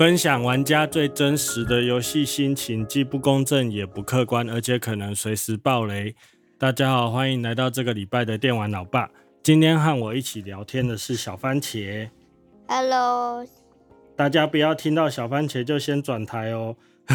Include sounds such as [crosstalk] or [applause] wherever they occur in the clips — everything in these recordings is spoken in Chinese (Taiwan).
分享玩家最真實的遊戲心情，既不公正也不客觀，而且可能隨時爆雷。大家好，歡迎來到這個禮拜的電玩老爸。今天和我一起聊天的是小番茄。Hello，大家不要聽到小番茄就先轉台哦，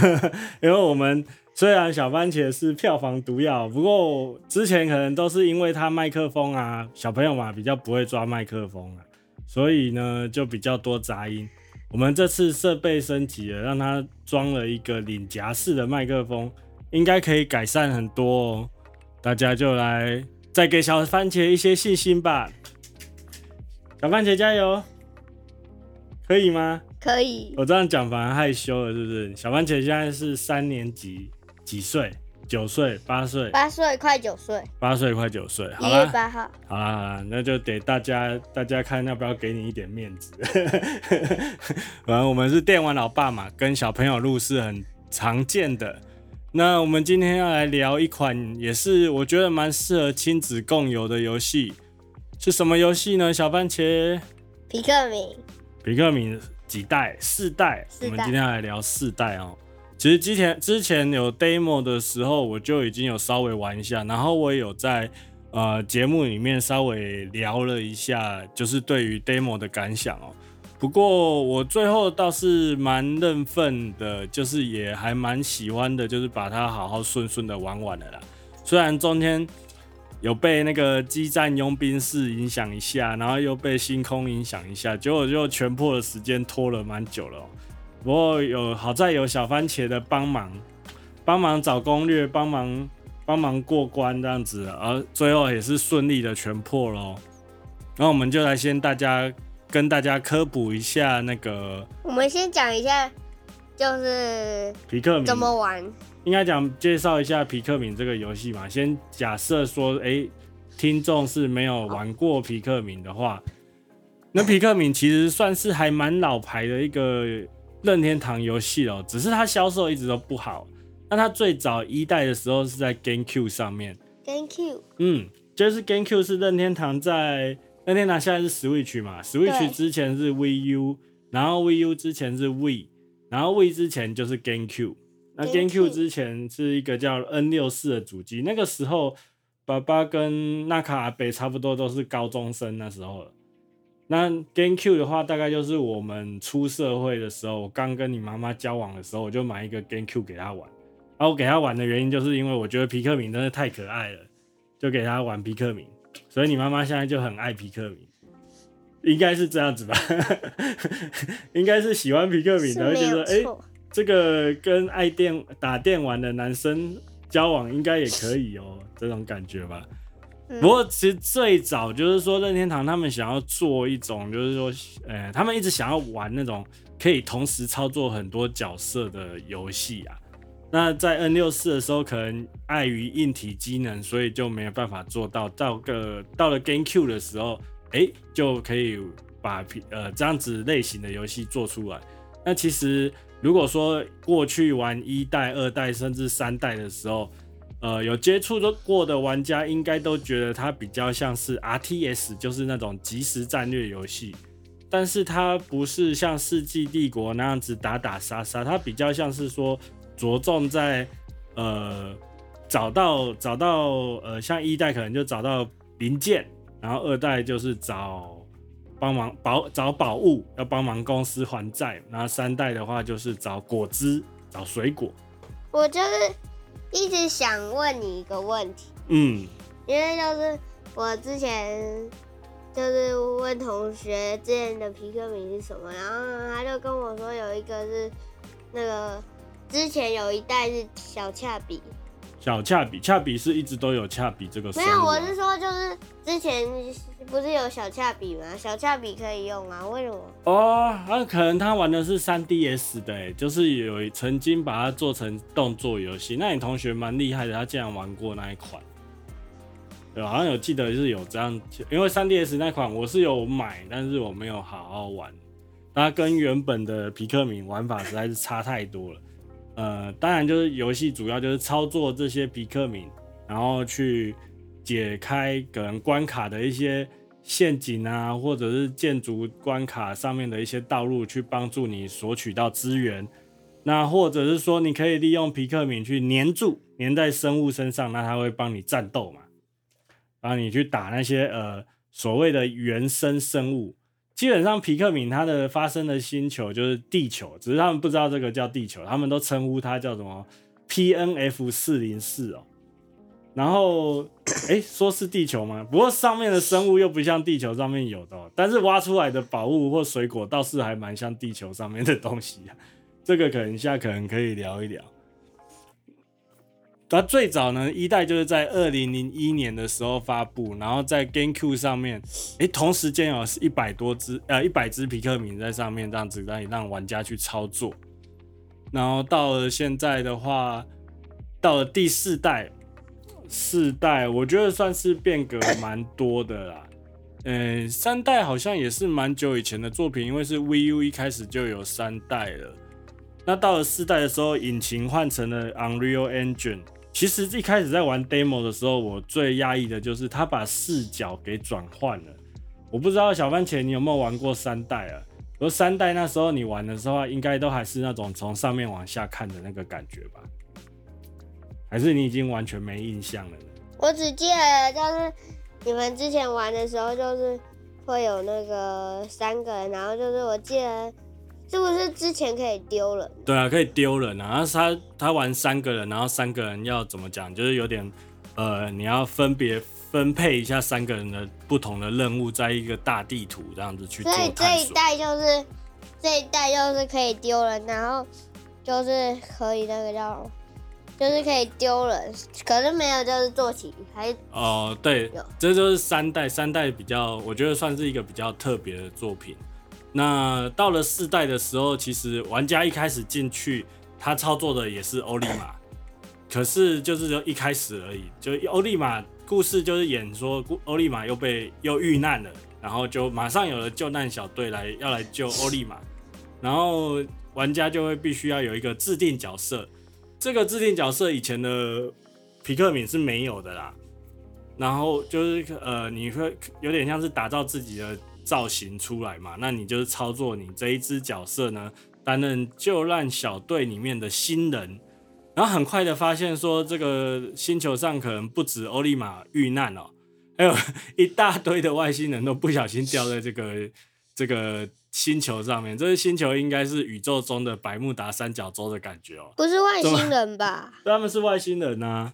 [laughs] 因為我們雖然小番茄是票房毒藥，不過之前可能都是因為他麥克風啊，小朋友嘛，比較不會抓麥克風啊，所以呢就比較多雜音。我們這次設備升級了，讓他裝了一個領夾式的麥克風，應該可以改善很多哦。大家就來再給小番茄一些信心吧，小番茄加油，可以嗎？可以。我這樣講反而害羞了，是不是？小番茄現在是三年級，幾歲？九歲，八歲，八歲快九歲，八歲快九歲，好了，好，好了，那就給大家，大家看要不要給你一點面子？反 [laughs] 正對我們是電玩老爸嘛，跟小朋友錄是很常見的。那我們今天要來聊一款，也是我覺得蠻適合親子共遊的遊戲，是什麼遊戲呢？小番茄，皮克敏，皮克敏幾代？四代，四代我們今天要來聊四代哦、喔。其實之前之前有 demo 的時候，我就已經有稍微玩一下，然後我也有在呃節目裡面稍微聊了一下，就是對於 demo 的感想哦。不過我最後倒是蠻認份的，就是也還蠻喜歡的，就是把它好好順順的玩完了啦。雖然中間有被那個《機戰傭兵6》影響一下，然後又被《星空》影響一下，結果就全破的時間拖了蠻久了哦。不過有好在有小番茄的幫忙，幫忙找攻略，幫忙幫忙過關這樣子，而最後也是順利的全破咯然後我們就來先大家跟大家科普一下那個，我們先講一下，就是皮克敏怎麼玩，應該講介紹一下皮克敏這個遊戲嘛。先假設說，哎、欸，聽眾是沒有玩過皮克敏的話，好那皮克敏其實算是還蠻老牌的一個任天堂遊戲哦，只是它銷售一直都不好。那它最早一代的時候是在 GameCube 上面。GameCube，嗯，就是 GameCube 是任天堂在任天堂現在是 Switch 嘛，Switch 之前是 Wii U，對然後 Wii U 之前是 Wii，然後 Wii 之前就是 GameCube。那 GameCube 之前是一個叫 N64 的主機。那個時候，爸爸跟納卡阿北差不多都是高中生那時候了。那 GameCube 的話，大概就是我們出社會的時候，我剛跟你媽媽交往的時候，我就買一個 GameCube 給她玩。然、啊、後我給她玩的原因，就是因為我覺得皮克敏真的太可愛了，就給她玩皮克敏。所以你媽媽現在就很愛皮克敏，應該是這樣子吧？ [laughs] 應該是喜歡皮克敏，然後覺得哎、欸，這個跟愛電打電玩的男生交往應該也可以哦、喔，這種感覺吧？不過，其實最早就是說，任天堂他們想要做一種，就是說，呃、欸，他們一直想要玩那種可以同時操作很多角色的遊戲啊。那在 N 六四的時候，可能礙於硬體機能，所以就沒有辦法做到。到個、呃、到了 GameCube 的時候，哎、欸，就可以把呃這樣子類型的遊戲做出來。那其實如果說過去玩一代、二代甚至三代的時候，呃，有接觸過的玩家應該都覺得它比較像是 RTS，就是那種即時戰略遊戲，但是它不是像《世紀帝國》那樣子打打殺殺，它比較像是說着重在呃找到找到呃，像一代可能就找到零件，然後二代就是找幫忙保找寶物，要幫忙公司還債，那三代的話就是找果汁，找水果。我就是。一直想問你一個問題，嗯，因為就是我之前就是問同學之前的皮克敏是什麼，然後他就跟我說有一個是那個之前有一代是小恰比。小恰比，恰比是一直都有恰比這個。沒有，我是說，就是之前不是有小恰比嗎？小恰比可以用啊？為什麼？哦，那、啊、可能他玩的是三 DS 的，就是有曾經把它做成動作遊戲。那你同學蠻厲害的，他竟然玩過那一款。對，好像有記得是有這樣，因為三 DS 那款我是有買，但是我沒有好好玩。它跟原本的皮克敏玩法實在是差太多了。 [laughs] 呃，當然就是遊戲主要就是操作這些皮克敏，然後去解開可能關卡的一些陷阱啊，或者是建築關卡上面的一些道路，去幫助你索取到資源。那或者是說，你可以利用皮克敏去粘住，粘在生物身上，那它會幫你戰鬥嘛，幫你去打那些呃所謂的原生生物。基本上皮克敏他的發生的星球就是地球，只是他們不知道這個叫地球，他們都稱呼它叫什麼 PNF404 哦。然後，哎，欸，說是地球嗎？不過上面的生物又不像地球上面有的哦，但是挖出來的寶物或水果倒是還蠻像地球上面的東西啊。這個可能一下可能可以聊一聊。它最早呢，一代就是在二零零一年的時候發布，然後在 GameCube 上面，誒，同時間哦是一百多只呃一百只皮克敏在上面這樣子讓你讓玩家去操作，然後到了現在的話，到了第四代，四代我覺得算是變革蠻多的啦，嗯，三代好像也是蠻久以前的作品，因為是 Wii U 一開始就有三代了。那到了四代的時候，引擎換成了 Unreal Engine。其實一開始在玩 demo 的時候，我最壓抑的就是它把視角給轉換了。我不知道小番茄你有沒有玩過三代啊？而三代那時候你玩的時候，應該都還是那種從上面往下看的那個感覺吧？還是你已經完全沒印象了呢？我只記得就是你們之前玩的時候，就是會有那個三個人，然後就是我記得。是不是之前可以丟了？對啊，可以丟人啊。然後他他玩三個人，然後三個人要怎麼講？就是有點，呃，你要分別分配一下三個人的不同的任務，在一個大地圖這樣子去做探索。所以這一代就是這一代就是可以丟人，然後就是可以那個叫，就是可以丟人。可是沒有就是坐騎，還是哦對，有這就是三代，三代比較，我覺得算是一個比較特別的作品。那到了四代的時候，其實玩家一開始進去，他操作的也是歐利瑪，可是就是說一開始而已，就歐利瑪故事就是演說歐利瑪又被又遇難了，然後就馬上有了救難小隊來要來救歐利瑪，然後玩家就會必須要有一個自定角色，這個自定角色以前的皮克敏是沒有的啦，然後就是呃，你會有點像是打造自己的，造型出來嘛？那你就是操作你這一只角色呢，擔任救難小隊裡面的新人。然後很快的發現說，這個星球上可能不止奧利瑪遇難哦、喔，還有一大堆的外星人都不小心掉在這個 [laughs] 這個星球上面。這個星球應該是宇宙中的百慕達三角洲的感覺哦、喔。不是外星人吧？怎麼 [laughs] 他們是外星人吶、啊。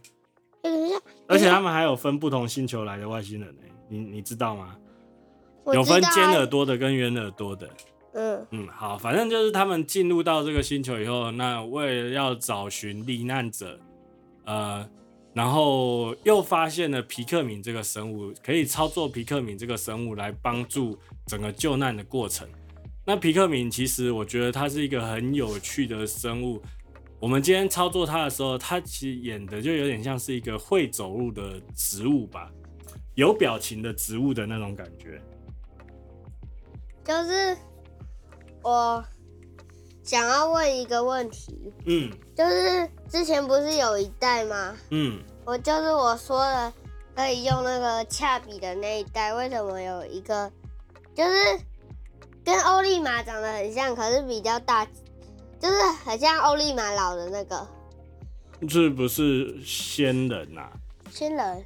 嗯嗯、而且他們還有分不同星球來的外星人、欸、你你知道嗎？有分尖耳朵的跟圓耳朵的，啊、嗯嗯，好，反正就是他們進入到這個星球以後，那為了要找尋罹難者，呃，然後又發現了皮克敏這個生物，可以操作皮克敏這個生物來幫助整個救難的過程。那皮克敏其實我覺得他是一個很有趣的生物。我們今天操作他的時候，他其實演的就有點像是一個會走路的植物吧，有表情的植物的那種感覺。就是我想要問一個問題，嗯，就是之前不是有一代嗎？嗯，我就是我說了可以用那個恰比的那一代，為什麼有一個就是跟歐利瑪長得很像，可是比較大，就是很像歐利瑪老的那個，是不是仙人吶？啊，仙人。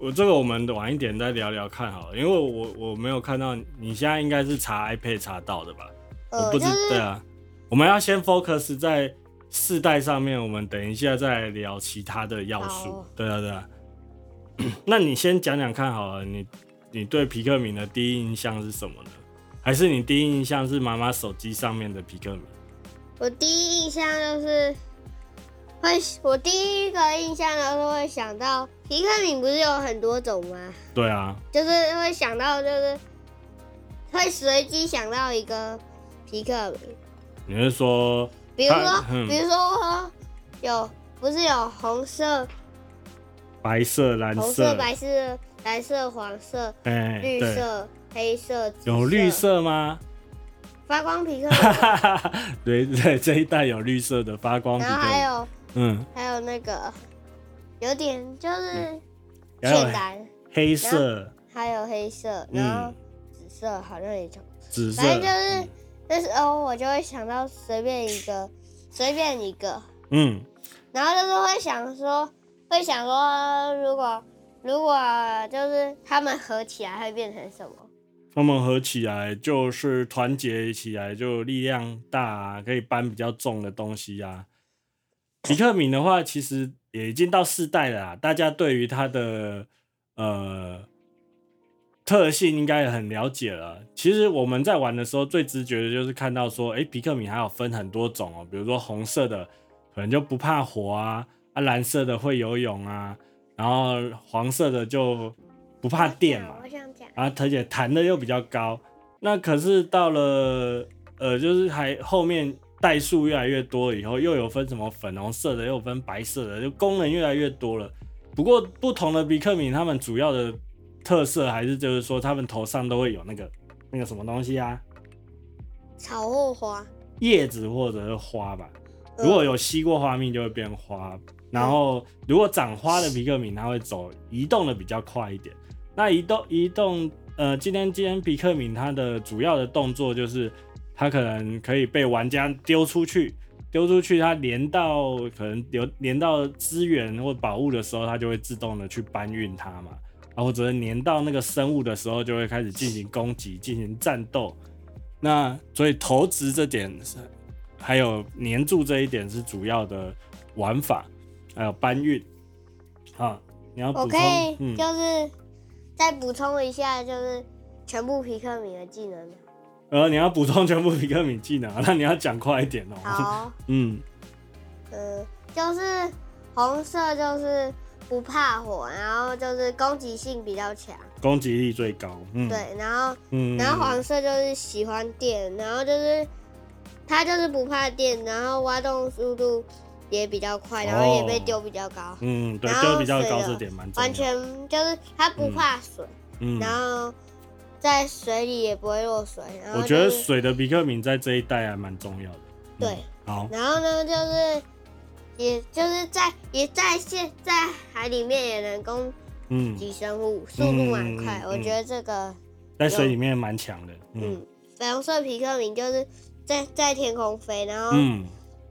我這個我們晚一點，再聊聊看好了，因為我我沒有看到，你現在應該是查 iPad 查到的吧？呃、我不知。是對啊，我們要先 focus 在四代上面，我們等一下再聊其他的要素。哦、對，啊對啊，對啊。 [coughs] 那你先講講看好了，你你對皮克敏的第一印象是什麼呢？還是你第一印象是媽媽手機上面的皮克敏？我第一印象就是。會，我第一個印象呢都是會想到皮克敏，不是有很多種嗎？對啊，就是會想到，就是會隨機想到一個皮克敏。你是說，比如說，比如說有，不是有紅色、白色、藍色、紅色、白色、藍色、黃色、對綠色、對黑色、橘色。有綠色嗎？發光皮克敏。 [laughs] 對，對對，這一代有綠色的發光皮克敏。然後還有。嗯，還有那個有點就是簡單，黑色，還有黑色，然後紫色好像也成紫色。反正就是那時候我就會想到隨便一個，嗯、隨便一個，嗯，然後就是會想說，會想說，如果如果就是他們合起來會變成什麼？他們合起來就是團結起來，就力量大、啊，可以搬比較重的東西啊。皮克敏的話，其實也已經到四代了，大家對於它的呃特性應該也很了解了。其實我們在玩的時候，最直覺的就是看到說，哎、欸，皮克敏還有分很多種哦、喔，比如說紅色的可能就不怕火啊，啊藍色的會游泳啊，然後黃色的就不怕電嘛。我想講，然後而且彈的又比較高。那可是到了呃，就是還後面。代數越來越多以後，又有分什麼粉紅色的，又有分白色的，就功能越來越多了。不過不同的皮克敏，他們主要的特色還是就是說，他們頭上都會有那個那個什麼東西啊？草或花？葉子或者是花吧。呃、如果有吸過花蜜，就會變花。然後如果長花的皮克敏，嗯、它會走移動的比較快一點。那移動移動，呃，今天今天皮克敏它的主要的動作就是。它可能可以被玩家丟出去，丟出去它黏到可能黏黏到資源或寶物的時候，它就會自動的去搬運它嘛。然後或者黏到那個生物的時候，就會開始進行攻擊、進行戰鬥。那所以投擲這點是，還有粘住這一點是主要的玩法，還有搬運。好、啊，你要補充，okay，嗯、就是再補充一下，就是全部皮克敏的技能。呃，你要補充全部皮克敏技能，啊，那你要講快一點。喔，哦。好。嗯。呃，就是紅色就是不怕火，然後就是攻擊性比較強，攻擊力最高。嗯，對，然後，然後黃色就是喜歡電，然後就是它就是不怕電，然後挖洞速度也比較快，然後也被丟比較高。哦，較高。嗯，對，丟比較高這點蠻重要。完全就是它不怕水，嗯，然後。在水裡也不會落水。然後就是，我覺得水的皮克敏在這一代還蠻重要的。對，好，嗯。然後呢，就是也就是在也在現在海裡面也能攻擊生物，嗯，速度蠻快。嗯，我覺得這個在水裡面蠻強的。嗯，粉紅、嗯，色皮克敏就是在在天空飛，然後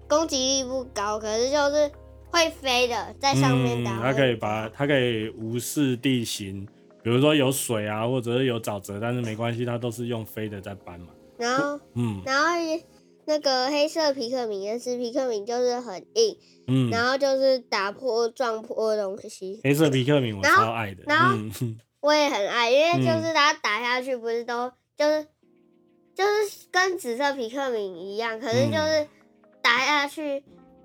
攻擊力不高，嗯，可是就是會飛的，在上面打。嗯，它可以把它可以無視地形。比如說有水啊，或者是有沼澤，但是沒關係，它都是用飛的在搬嘛。然後，哦、嗯，然後那個黑色皮克敏也是皮克敏，就是很硬，嗯，然後就是打破、撞破的東西。黑色皮克敏我超愛的，然後我也很愛，因為就是它打下去不是都就是、嗯、就是跟紫色皮克敏一樣，可是就是打下去。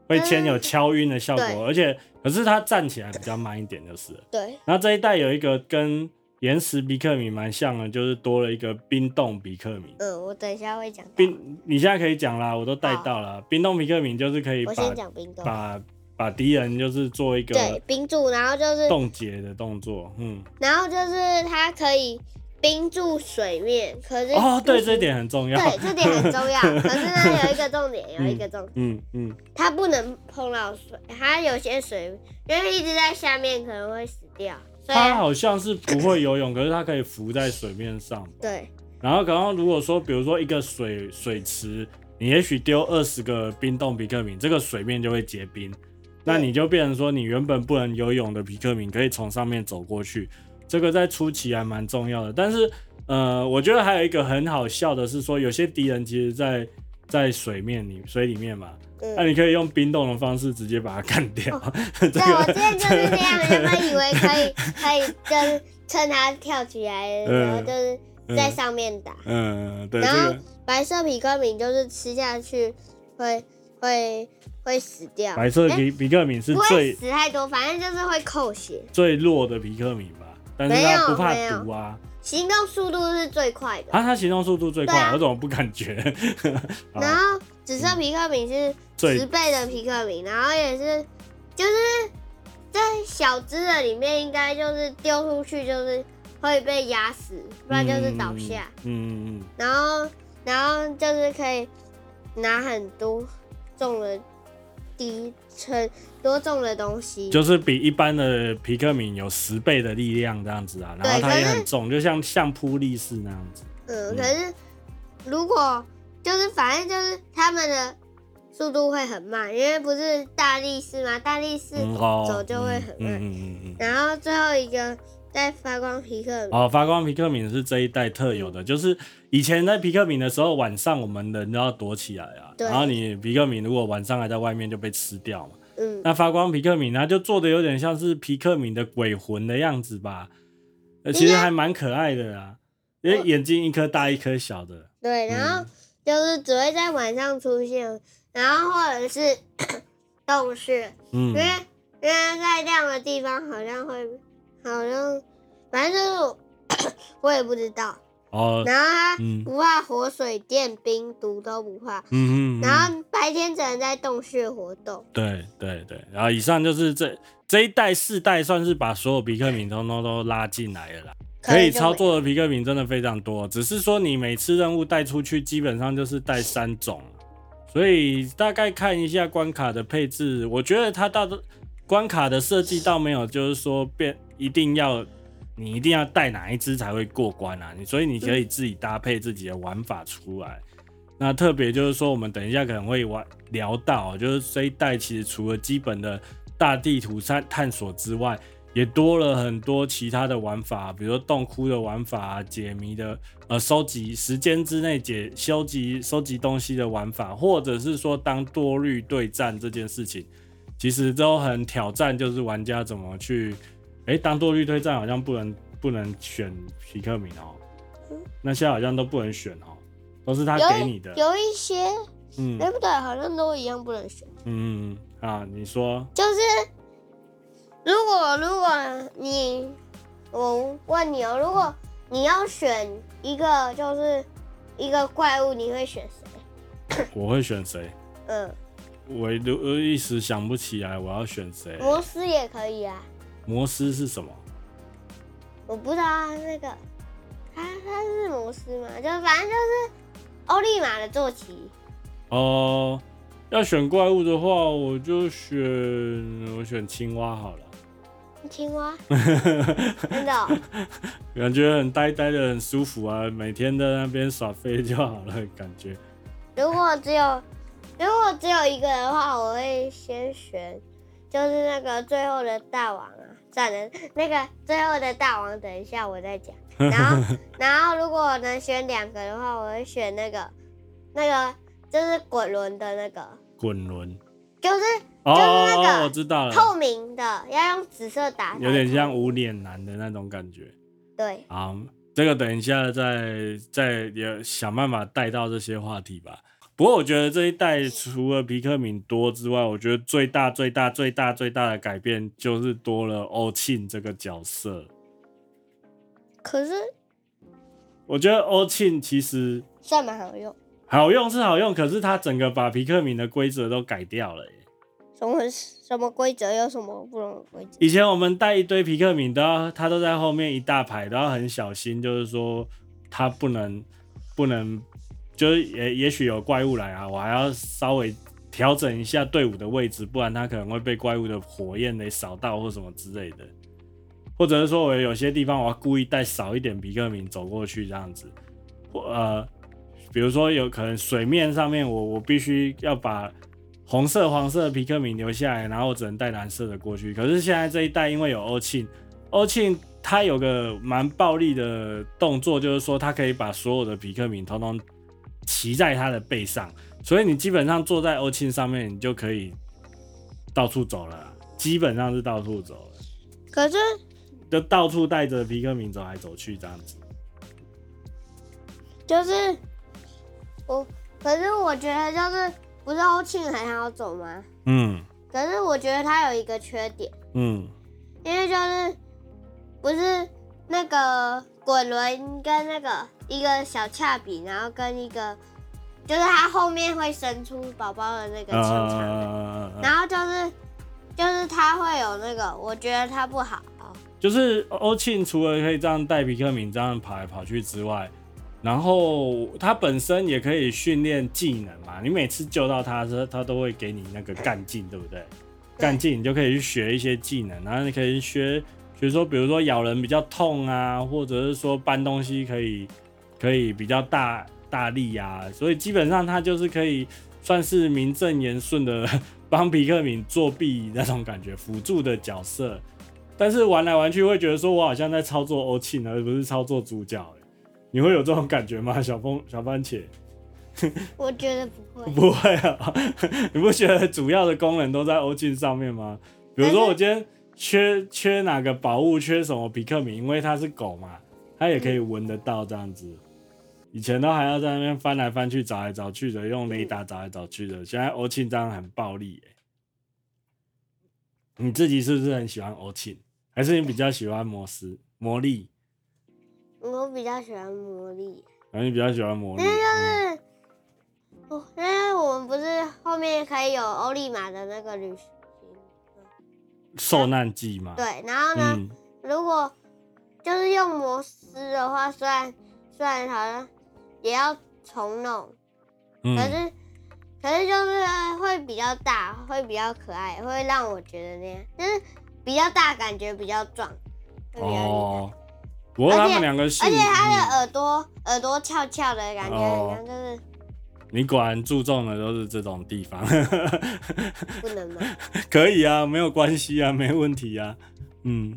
會先有敲暈的效果，嗯、而且可是它站起來比較慢一點，就是。對。然後這一代有一個跟岩石皮克敏蠻像的，就是多了一個冰凍皮克敏。呃，我等一下會講。冰，你現在可以講啦，我都帶到了。好冰凍皮克敏就是可以把我先講冰凍把把敵人就是做一個對冰柱，然後就是凍結的動作，嗯。然後就是它可以。冰住水面，可是，是哦，對，這點很重要。對，這點很重要。 [laughs] 可是呢，有一個重點，有一個重點。嗯嗯。嗯嗯，它不能碰到水，它有些水因為一直在下面，可能會死掉。所以它好像是不會游泳， [laughs] 可是它可以浮在水面上。對。然後剛剛如果說，比如說一個水水池，你也許丟二十個冰凍皮克敏，這個水面就會結冰，對那你就變成說，你原本不能游泳的皮克敏可以從上面走過去。這個在初期還蠻重要的，但是，呃，我覺得還有一個很好笑的是說，說有些敵人其實在，在在水面裡水裡面嘛，那、嗯啊、你可以用冰凍的方式直接把它幹掉。哦這個、對，我之前就是這樣，原本 [laughs] 以為可以可以，就是趁它跳起來，嗯、然後就是在上面打。嗯，對。然後白色皮克敏就是吃下去會會會死掉。白色皮皮克敏是最會死太多，反正就是會扣血，最弱的皮克敏吧。但是他不怕毒啊，沒有沒有，行動速度是最快的。啊，他行動速度最快，啊、我怎麼不感覺？然後紫色皮克敏是十倍的皮克敏，嗯、然後也是就是在小隻的裡面，應該就是丟出去就是會被壓死，不然就是倒下嗯。嗯嗯嗯。然後然後就是可以拿很多種的敵。很多重的東西，就是比一般的皮克敏有十倍的力量這樣子啊，然後它也很重，可是就像像鋪力士那樣子。嗯，嗯，可是如果就是反正就是他們的速度會很慢，因為不是大力士嘛，大力士走就會很慢，嗯嗯嗯嗯嗯，然後最後一個，在發光皮克敏哦，發光皮克敏是這一代特有的。嗯、就是以前在皮克敏的時候，晚上我們人都要躲起來啊。對。然後你皮克敏如果晚上還在外面，就被吃掉嘛。嗯。那發光皮克敏呢，啊，就做的，有點像是皮克敏的鬼魂的樣子吧。呃，其實還蠻可愛的啊，看因為眼睛一顆，哦，大一顆小的。對，然後就是只會在晚上出現，嗯，然後或者是 [coughs] 洞穴，因為因為在亮的地方好像會。好像反正就是我，咳咳，我也不知道，哦、然後他不怕火、水、嗯、電、冰毒、毒都不怕，嗯、哼哼，然後白天只能在洞穴活動。對對對，然後以上就是這這一代四代算是把所有皮克敏通通都拉進來了啦。可以，可以操作的皮克敏真的非常多，只是說你每次任務帶出去基本上就是帶三種，所以大概看一下關卡的配置，我覺得它到關卡的設計倒沒有，就是說變。一定要你一定要帶哪一隻才會過關啊？你所以你可以自己搭配自己的玩法出來。對那特別就是說，我們等一下可能會玩聊到，就是這一代其實除了基本的大地圖探探索之外，也多了很多其他的玩法，比如說洞窟的玩法、解謎的、呃收集時間之內解收集收集東西的玩法，或者是說當多利對戰這件事情，其實都很挑戰，就是玩家怎麼去。欸、當做綠推戰好像不能不能選皮克敏哦、喔，嗯、那些好像都不能選哦、喔，都是他給你的。有，有一些，嗯，對、欸、不對？好像都一樣不能選。嗯啊，嗯你說，就是如果如果你我問你哦、喔，如果你要選一個就是一個怪物，你會選誰？我會選誰？嗯，我都一,一時想不起來我要選誰。摩斯也可以啊。摩斯是什麼？我不知道啊，那個他他是摩斯嗎？就反正就是奧利馬的坐騎哦。要選怪物的話，我就選我選青蛙好了。青蛙 [laughs] 真的、哦、感覺很呆呆的，很舒服啊，每天在那邊耍飛就好了，感覺。如果只有如果只有一個人的話，我會先選，就是那個最後的大王、啊。算了，那個最後的大王，等一下我再講。然後， [laughs] 然後如果我能選兩個的話，我會選那個，那個就是滾輪的那個。滾輪。就是，就是那個，我、哦哦、知道了。透明的，要用紫色打。有點像無臉男的那種感覺。對。好，這個等一下再再有想辦法帶到這些話題吧。不過我覺得這一代除了皮克敏多之外，我覺得最大最大最大最大的改變就是多了歐慶這個角色。可是，我覺得歐慶其實算蠻好用，好用是好用，可是他整個把皮克敏的規則都改掉了耶。什麼什麼規則？有什麼不同的規則？以前我們帶一堆皮克敏都要，他都在後面一大排都要很小心，就是說他不能不能。就是也也許有怪物來啊，我還要稍微調整一下隊伍的位置，不然他可能會被怪物的火焰給掃到，或什麼之類的。或者是說我有些地方我要故意帶少一點皮克敏走過去，這樣子，或呃，比如說有可能水面上面我，我我必須要把紅色、黃色的皮克敏留下來，然後我只能帶藍色的過去。可是現在這一代因為有歐慶，歐慶他有個蠻暴力的動作，就是說他可以把所有的皮克敏統統，騎在他的背上，所以你基本上坐在歐慶上面，你就可以到處走了，基本上是到處走了。可是，就到處帶着皮克敏走來走去這樣子，就是我。可是我覺得就是不是歐慶很好走嗎？嗯。可是我覺得他有一個缺點。嗯。因為就是不是那個滾輪跟那個。一個小恰比，然後跟一個，就是它後面會生出寶寶的那個長長的，然後就是就是它會有那個，我覺得它不好。啊、就是歐慶除了可以這樣帶皮克敏這樣跑來跑去之外，然後它本身也可以訓練技能嘛。你每次救到它的時候，它都會給你那個幹勁，對不對？幹勁你就可以去學一些技能，然後你可以學，學說比如說咬人比較痛啊，或者是說搬東西可以，可以比較大大力呀、啊，所以基本上它就是可以算是名正言順的幫皮克敏作弊那種感覺，輔助的角色。但是玩來玩去會覺得說我好像在操作歐慶，in, 而不是操作主角、欸，你會有這種感覺嗎？小風小番茄？ [laughs] 我覺得不會，不會啊！你不覺得主要的功能都在歐慶上面嗎？比如說我今天缺缺哪個寶物，缺什麼皮克敏，因為它是狗嘛，它也可以聞得到這樣子。以前都還要在那邊翻來翻去，找來找去的，用雷達找來找去的。嗯、現在歐慶這樣很暴力耶，欸。你自己是不是很喜歡歐慶？還是你比較喜歡摩斯？對魔力？我比較喜歡魔力。那、啊、你比較喜歡魔力？那就是，嗯、因為我們不是後面可以有歐利瑪的那個旅行，受難記嗎、啊？對，然後呢？嗯、如果就是用摩斯的話，雖然雖然好像。也要重弄，可是、嗯、可是就是會比較大，會比較可愛，會讓我覺得那樣，就是比較大，感覺比較壯。哦，不過他們兩個，而且他的耳朵、嗯、耳朵翹翹的感覺，你看就是。你果然注重的都是這種地方。 [laughs] 不能嗎？可以啊，沒有關係啊，沒問題啊，嗯。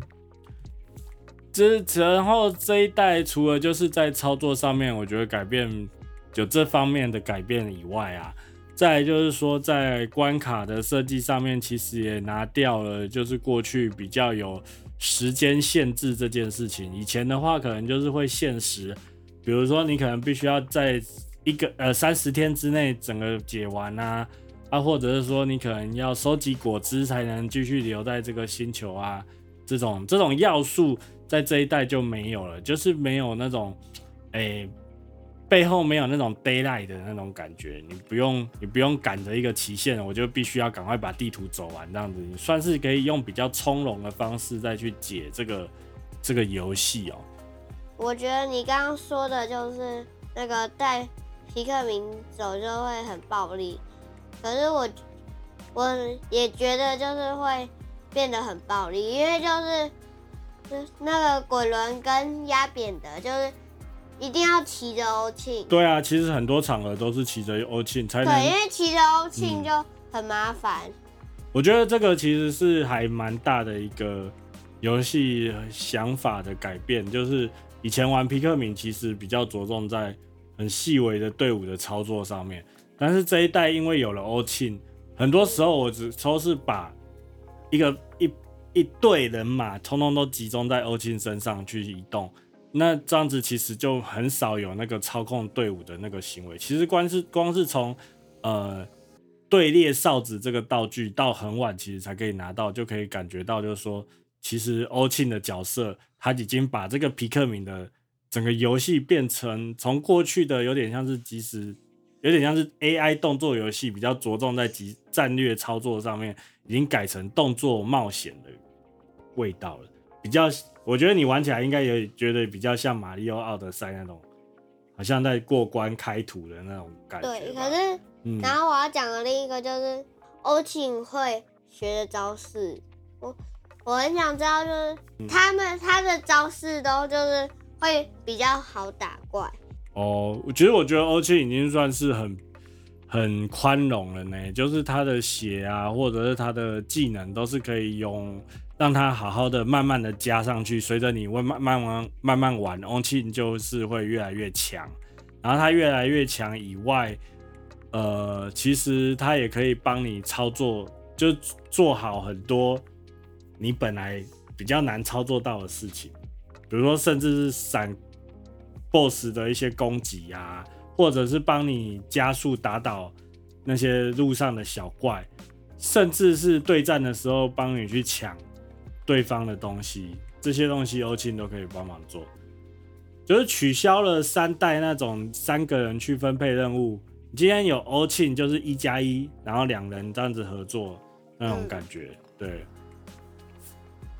之然後這一代除了就是在操作上面，我覺得改變就這方面的改變以外啊，再來就是說在關卡的設計上面，其實也拿掉了就是過去比較有時間限制這件事情。以前的話可能就是會限時，比如說你可能必須要在一個呃三十天之內整個解完啊，啊或者是說你可能要收集果汁才能繼續留在這個星球啊。這種這種要素在這一代就沒有了，就是沒有那種，哎、欸，背後沒有那種 deadline 的那種感覺。你不用你不用趕着一個期限，我就必須要趕快把地圖走完，這樣子你算是可以用比較從容的方式再去解這個這個遊戲哦。我覺得你剛剛說的就是那個帶皮克敏走就會很暴力，可是我我也覺得就是會。變得很暴力，因為就是那個滾輪跟壓扁的，就是一定要騎着歐慶。對啊，其實很多場合都是騎着歐慶才對。對，因為騎着歐慶就很麻煩。我覺得這個其實是還蠻大的一個遊戲想法的改變，就是以前玩皮克敏其實比較着重在很細微的隊伍的操作上面，但是這一代因為有了歐慶，in, 很多時候我只都是把。一個一一隊人馬，通通都集中在歐慶身上去移動，那這樣子其實就很少有那個操控隊伍的那個行為。其實光是光是從呃隊列哨子這個道具到很晚，其實才可以拿到，就可以感覺到，就是說，其實歐慶的角色他已經把這個皮克敏的整個遊戲變成從過去的有點像是即時。有點像是 AI 動作遊戲，比較着重在即戰略操作上面，已經改成動作冒險的味道了。比較，我覺得你玩起來應該也覺得比較像《馬里奧奧德賽》那種，好像在過關開圖的那種感覺。對，可是，然後我要講的另一個就是歐慶會學的招式，我我很想知道，就是、嗯、他們他的招式都就是會比較好打怪。哦，其實我覺得我覺得歐慶已經算是很很寬容了呢。就是他的血啊，或者是他的技能，都是可以用讓他好好的、慢慢的加上去。隨着你慢慢、慢慢、慢慢玩，歐慶就是會越來越強。然後他越來越強以外，呃，其實他也可以幫你操作，就做好很多你本來比較難操作到的事情，比如說甚至是閃 boss 的一些攻擊呀、啊，或者是幫你加速打倒那些路上的小怪，甚至是對戰的時候幫你去搶對方的東西，這些東西歐慶都可以幫忙做，就是取消了三代那種三個人去分配任務，今天有歐慶就是一加一，1, 然後兩人這樣子合作那種感覺，對。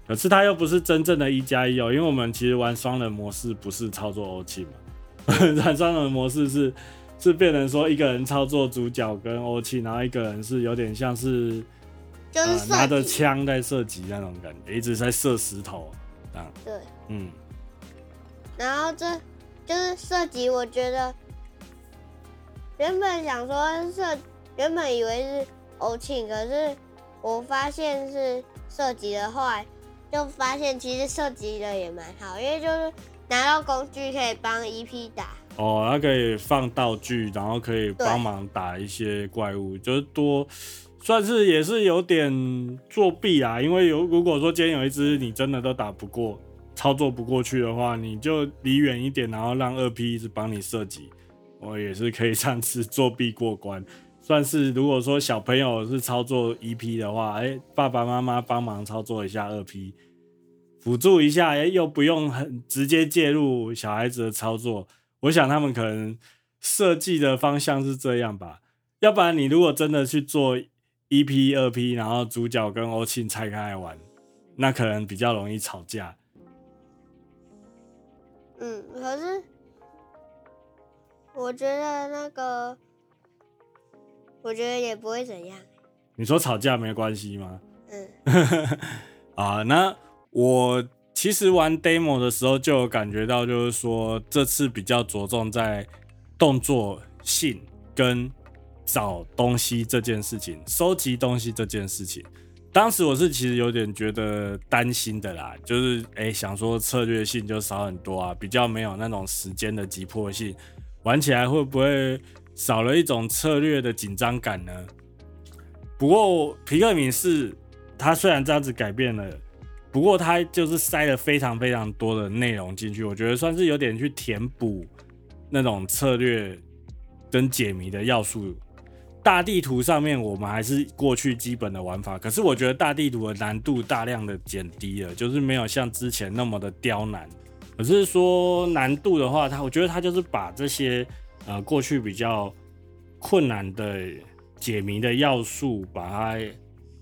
可是他又不是真正的一加一哦，因為我們其實玩雙人模式不是操作歐慶嘛，玩雙人模式是是變成說一個人操作主角跟歐慶，然後一個人是有點像是就是射，他的槍在射擊那種感覺，一、欸、直在射石頭、啊、對，嗯。然後這就是射擊，我覺得原本想說是射，原本以為是歐慶，可是我發現是射擊的，壞。就發現其實設計的也蠻好，因為就是拿到工具可以幫 1P 打哦，它可以放道具，然後可以幫忙打一些怪物，對 就是多算是也是有點作弊啦、啊。因為有如果說今天有一隻你真的都打不過，操作不過去的話，你就離遠一點，然後讓 2P 一直幫你射擊，我、哦、也是可以上次作弊過關。算是，如果說小朋友是操作一 P 的話，哎、欸，爸爸媽媽幫忙操作一下二 P，輔助一下，哎、欸，又不用很直接介入小孩子的操作。我想他們可能設計的方向是這樣吧。要不然你如果真的去做一 P 二 P，然後主角跟歐慶拆開來玩，那可能比較容易吵架。嗯，可是我覺得那個。我覺得也不會怎樣。你說吵架沒關係嗎？嗯。啊， [laughs] 那我其實玩 demo 的時候就有感覺到，就是說，這次比較着重在動作性跟找東西這件事情，收集東西這件事情。當時我是其實有點覺得擔心的啦，就是、欸、想說策略性就少很多啊，比較沒有那種時間的急迫性，玩起來會不會？少了一種策略的緊張感呢。不過皮克敏四，他雖然這樣子改變了，不過他就是塞了非常非常多的內容進去，我覺得算是有點去填補那種策略跟解謎的要素。大地圖上面我們還是過去基本的玩法，可是我覺得大地圖的難度大量的減低了，就是沒有像之前那麼的刁難。可是說難度的話，他我覺得他就是把這些。呃，過去比較困難的解謎的要素，把它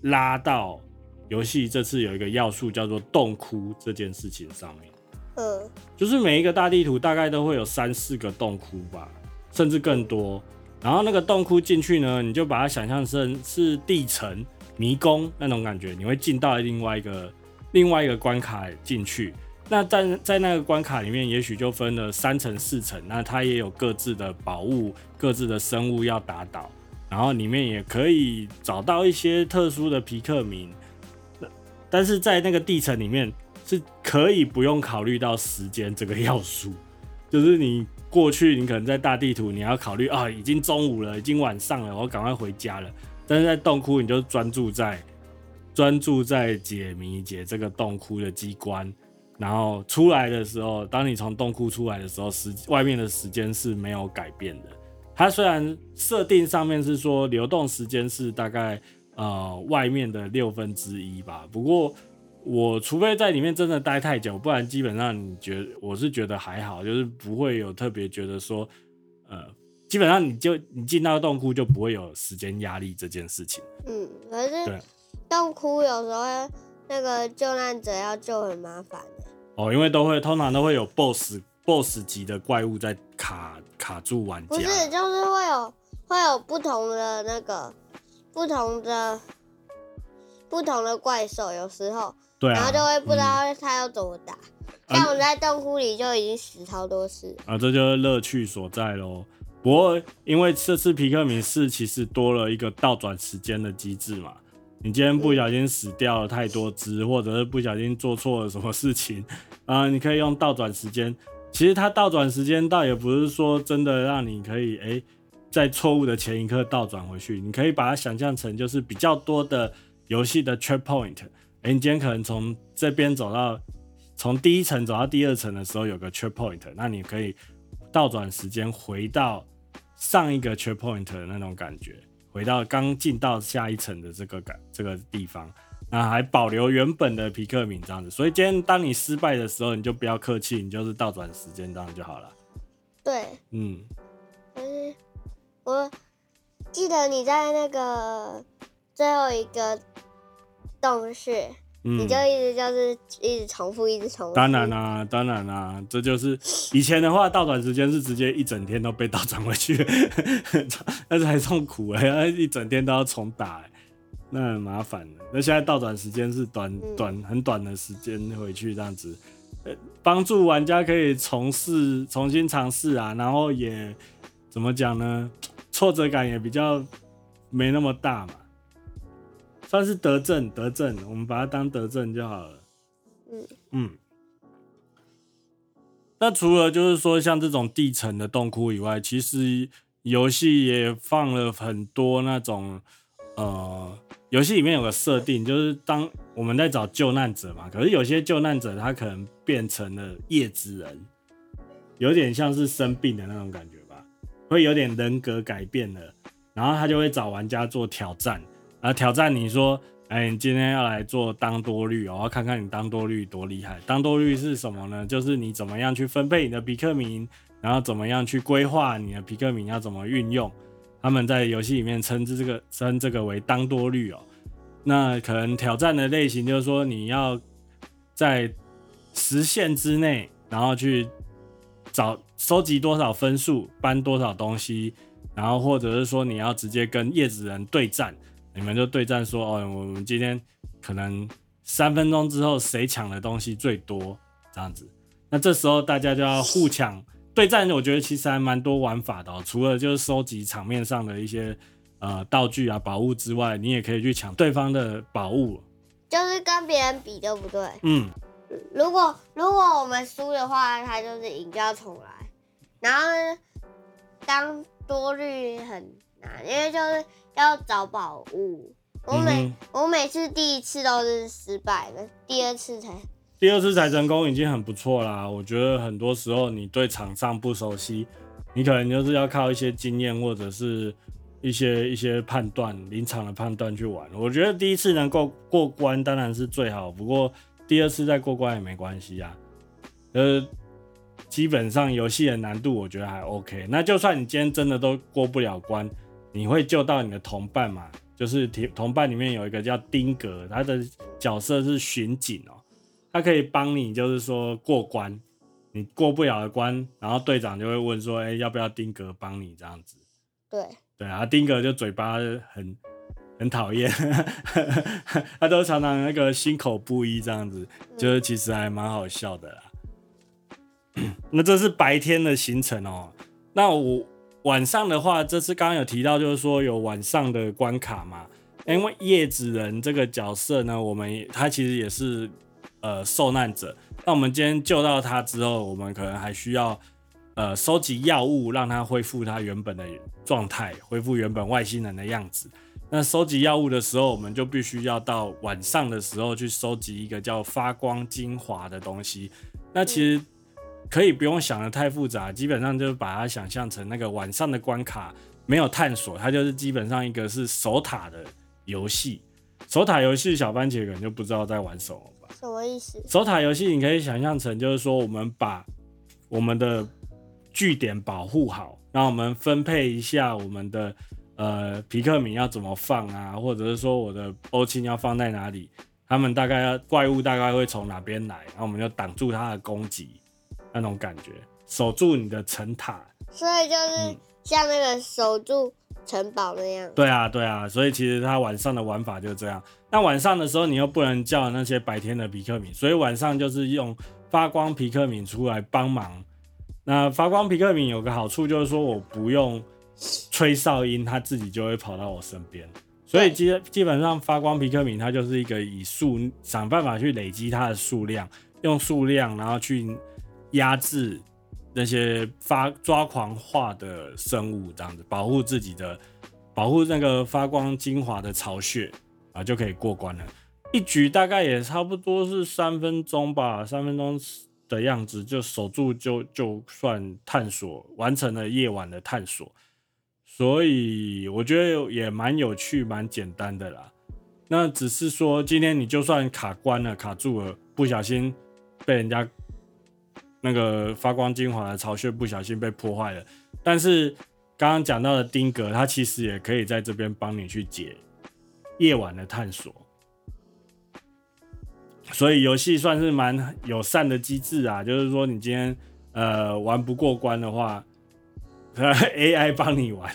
拉到遊戲這次有一個要素叫做洞窟這件事情上面。呃，就是每一個大地圖大概都會有三四個洞窟吧，甚至更多。然後那個洞窟進去呢，你就把它想象成是地層迷宮那種感覺，你會進到另外一個另外一個關卡進去。那但在那個關卡裡面，也許就分了三層、四層，那它也有各自的寶物、各自的生物要打倒，然後裡面也可以找到一些特殊的皮克敏。但是在那個地層裡面，是可以不用考慮到時間這個要素，就是你過去，你可能在大地圖你要考慮啊，已經中午了，已經晚上了，我趕快回家了。但是在洞窟，你就專注在專注在解謎、解這個洞窟的機關。然後出來的時候，當你從洞窟出來的時候，時外面的時間是沒有改變的。它雖然設定上面是說流動時間是大概呃外面的六分之一吧，不過我除非在裡面真的待太久，不然基本上你覺我是覺得還好，就是不會有特別覺得說呃，基本上你就你進到洞窟就不會有時間壓力這件事情。嗯，可是洞窟有時候那個救難者要救很麻煩。哦，因為都會通常都會有 boss boss 級的怪物在卡卡住玩家，不是就是會有會有不同的那個不同的不同的怪獸，有時候對、啊，然後就會不知道它要怎麼打。像、嗯、我在洞窟裡就已經死超多次啊，啊，這就是樂趣所在嘍。不過因為這次皮克敏是其實多了一個倒轉時間的機制嘛。你今天不小心死掉了太多隻，或者是不小心做錯了什麼事情，啊，你可以用倒轉時間。其實它倒轉時間倒也不是說真的讓你可以哎、欸，在錯誤的前一刻倒轉回去，你可以把它想象成就是比較多的遊戲的 checkpoint、欸。哎，你今天可能從這邊走到從第一層走到第二層的時候有個 checkpoint，那你可以倒轉時間回到上一個 checkpoint 的那種感覺。回到剛進到下一層的這個感這個地方，那還保留原本的皮克敏這樣子，所以今天當你失敗的時候，你就不要客氣，你就是倒轉時間這樣就好了。對，嗯，可是我記得你在那個最後一個洞穴。嗯、你就一直就是一直重複，一直重複。當然，啊。當然啦，當然啦，這就是以前的話，倒轉時間是直接一整天都被倒轉回去， [laughs] 但是還痛苦哎，欸，一整天都要重打，欸，那很麻煩，欸。那現在倒轉時間是短短很短的時間回去，這樣子，呃，幫助玩家可以重試、重新嘗試啊，然後也怎麼講呢？挫折感也比較沒那麼大嘛。算是德政德政，我們把它當德政就好了。嗯，嗯。那除了就是說像這種地層的洞窟以外，其實遊戲也放了很多那種呃，遊戲裡面有個設定，就是當我們在找救難者嘛，可是有些救難者他可能變成了葉子人，有點像是生病的那種感覺吧，會有點人格改變了，然後他就會找玩家做挑戰。啊，挑戰你說，哎、欸，你今天要來做當多率哦，要看看你當多率多厲害。當多率是什麼呢？就是你怎麼樣去分配你的皮克敏，然後怎麼樣去規劃你的皮克敏要怎麼運用。他們在遊戲裡面稱之這個稱這個為當多率哦。那可能挑戰的類型就是說，你要在時限之內，然後去找收集多少分數，搬多少東西，然後或者是說你要直接跟葉子人對戰。你們就對戰說，哦，我們今天可能三分鐘之後誰搶的東西最多，這樣子。那這時候大家就要互搶對戰。我覺得其實還蠻多玩法的，哦，除了就是收集場面上的一些、呃、道具啊寶物之外，你也可以去搶對方的寶物，就是跟別人比，對不對？嗯。如果如果我們輸的話，他就是贏就要重來。然後當多率很難，因為就是。要找寶物，我每、嗯、哼我每次第一次都是失敗的，第二次才第二次才成功，已經很不錯啦。我覺得很多時候你對場上不熟悉，你可能就是要靠一些經驗或者是一些一些判斷，臨場的判斷去玩。我覺得第一次能夠過關當然是最好，不過第二次再過關也沒關係啊。呃、就是，基本上遊戲的難度我覺得還 OK。那就算你今天真的都過不了關。你會救到你的同伴嘛？就是同同伴裡面有一個叫丁格，他的角色是巡警哦，他可以幫你，就是說過關，你過不了的關，然後隊長就會問說：“欸，要不要丁格幫你？”這樣子。對對啊，丁格就嘴巴很很討厭， [laughs] 他都常常那個心口不一這樣子，就是其實還蠻好笑的啦。 [laughs] 那這是白天的行程哦，那我。晚上的話，這次剛剛有提到，就是說有晚上的關卡嘛。因為葉子人這個角色呢，我們他其實也是呃受難者。那我們今天救到他之後，我們可能還需要呃收集藥物，讓他恢復他原本的狀態，恢復原本外星人的樣子。那收集藥物的時候，我們就必須要到晚上的時候去收集一個叫發光精華的東西。那其實。可以不用想得太複雜，基本上就是把它想象成那個晚上的關卡沒有探索，它就是基本上一個是守塔的遊戲，守塔遊戲小番茄可能就不知道在玩什麼吧？什麼意思？守塔遊戲你可以想象成就是說我們把我們的據點保護好，那我們分配一下我們的呃皮克敏要怎麼放啊，或者是說我的歐慶要放在哪裡？他們大概要怪物大概會從哪邊來，然後我們就擋住他的攻擊。那種感覺，守住你的城塔，所以就是像那個守住城堡那樣。嗯。對啊，對啊，所以其實他晚上的玩法就這樣。那晚上的時候，你又不能叫那些白天的皮克敏，所以晚上就是用發光皮克敏出來幫忙。那發光皮克敏有個好處就是說，我不用吹哨音，它自己就會跑到我身邊。所以基基本上發光皮克敏它就是一個以數想辦法去累積它的數量，用數量然後去。壓制那些發抓狂化的生物，這樣子保護自己的，保護那個發光精華的巢穴啊，就可以過關了。一局大概也差不多是三分鐘吧，三分鐘的樣子就守住，就就算探索完成了夜晚的探索。所以我覺得也蠻有趣，蠻簡單的啦。那只是說今天你就算卡關了，卡住了，不小心被人家。那個發光精華的巢穴不小心被破壞了，但是剛剛講到的丁格，它其實也可以在這邊幫你去解夜晚的探索，所以遊戲算是蠻友善的機制啊。就是說，你今天呃玩不過關的話，AI 幫你玩，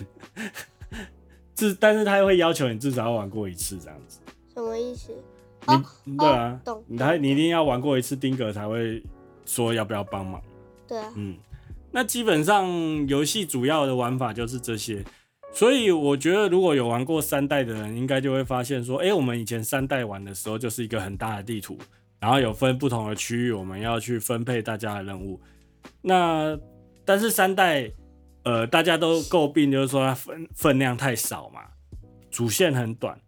但是他又會要求你至少要玩過一次這樣子。什麼意思？你對啊，懂？你一定要玩過一次丁格才會。說要不要幫忙？對啊，嗯，那基本上遊戲主要的玩法就是這些，所以我覺得如果有玩過三代的人，應該就會發現說，誒、欸，我們以前三代玩的時候，就是一個很大的地圖，然後有分不同的區域，我們要去分配大家的任務。那但是三代，呃，大家都詬病就是說它分分量太少嘛，主線很短。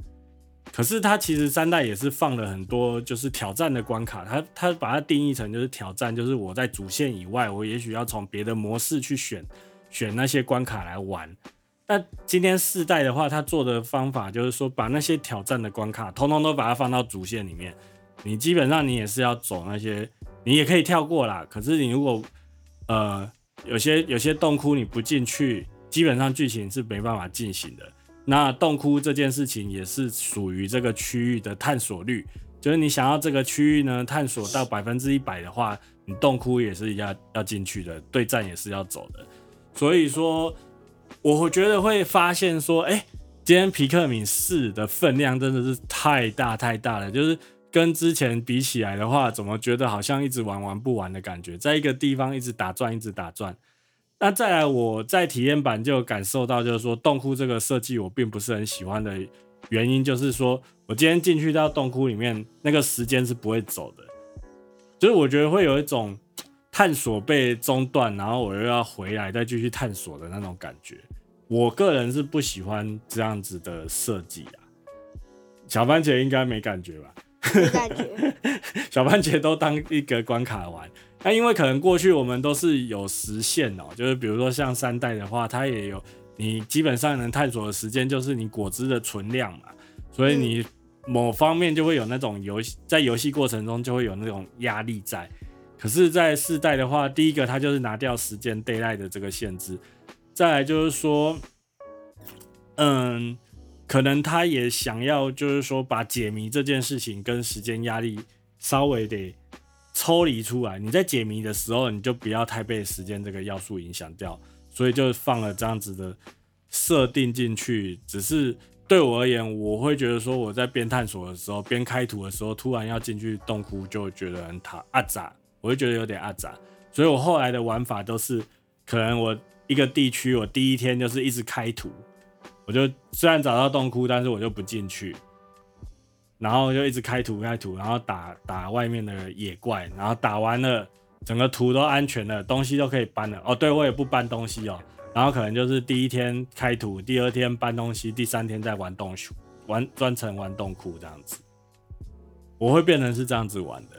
可是它其實三代也是放了很多就是挑戰的關卡，它它把它定義成就是挑戰，就是我在主線以外，我也許要從別的模式去選選那些關卡來玩。但今天四代的話，它做的方法就是說把那些挑戰的關卡統統都把它放到主線裡面，你基本上你也是要走那些，你也可以跳過啦。可是你如果呃有些有些洞窟你不進去，基本上劇情是沒辦法進行的。那洞窟這件事情也是屬於這個區域的探索率，就是你想要這個區域呢探索到百分之一百的話，你洞窟也是一樣要進去的，對戰也是要走的。所以說，我覺得會發現說，哎，今天皮克敏4的分量真的是太大太大了，就是跟之前比起來的話，怎麼覺得好像一直玩玩不完的感覺，在一個地方一直打轉，一直打轉。那再來，我在體驗版就感受到，就是說洞窟這個設計我並不是很喜歡的原因，就是說我今天進去到洞窟裡面，那個時間是不會走的，所以我覺得會有一種探索被中斷，然後我又要回來再繼續探索的那種感覺。我個人是不喜歡這樣子的設計啊。小番茄應該沒感覺吧？沒感覺。 [laughs] 小番茄都當一個關卡玩。那、啊、因為可能過去我們都是有時限哦，就是比如說像三代的話，它也有你基本上能探索的時間，就是你果汁的存量嘛，所以你某方面就會有那種遊戲在遊戲過程中就會有那種壓力在。可是，在四代的話，第一個它就是拿掉時間帶來的這個限制，再來就是說，嗯，可能他也想要就是說把解謎這件事情跟時間壓力稍微得抽離出來，你在解謎的時候，你就不要太被時間這個要素影響掉，所以就放了這樣子的設定進去。只是對我而言，我會覺得說，我在邊探索的時候，邊開圖的時候，突然要進去洞窟，就覺得很卡、阿雜，我就覺得有點阿雜。所以我後來的玩法都是，可能我一個地區，我第一天就是一直開圖，我就雖然找到洞窟，但是我就不進去。然後就一直開圖開圖，然後打打外面的野怪，然後打完了，整個圖都安全了，東西都可以搬了。哦，對，我也不搬東西哦。然後可能就是第一天開圖，第二天搬東西，第三天再玩洞穴，玩專程玩洞窟這樣子。我會變成是這樣子玩的。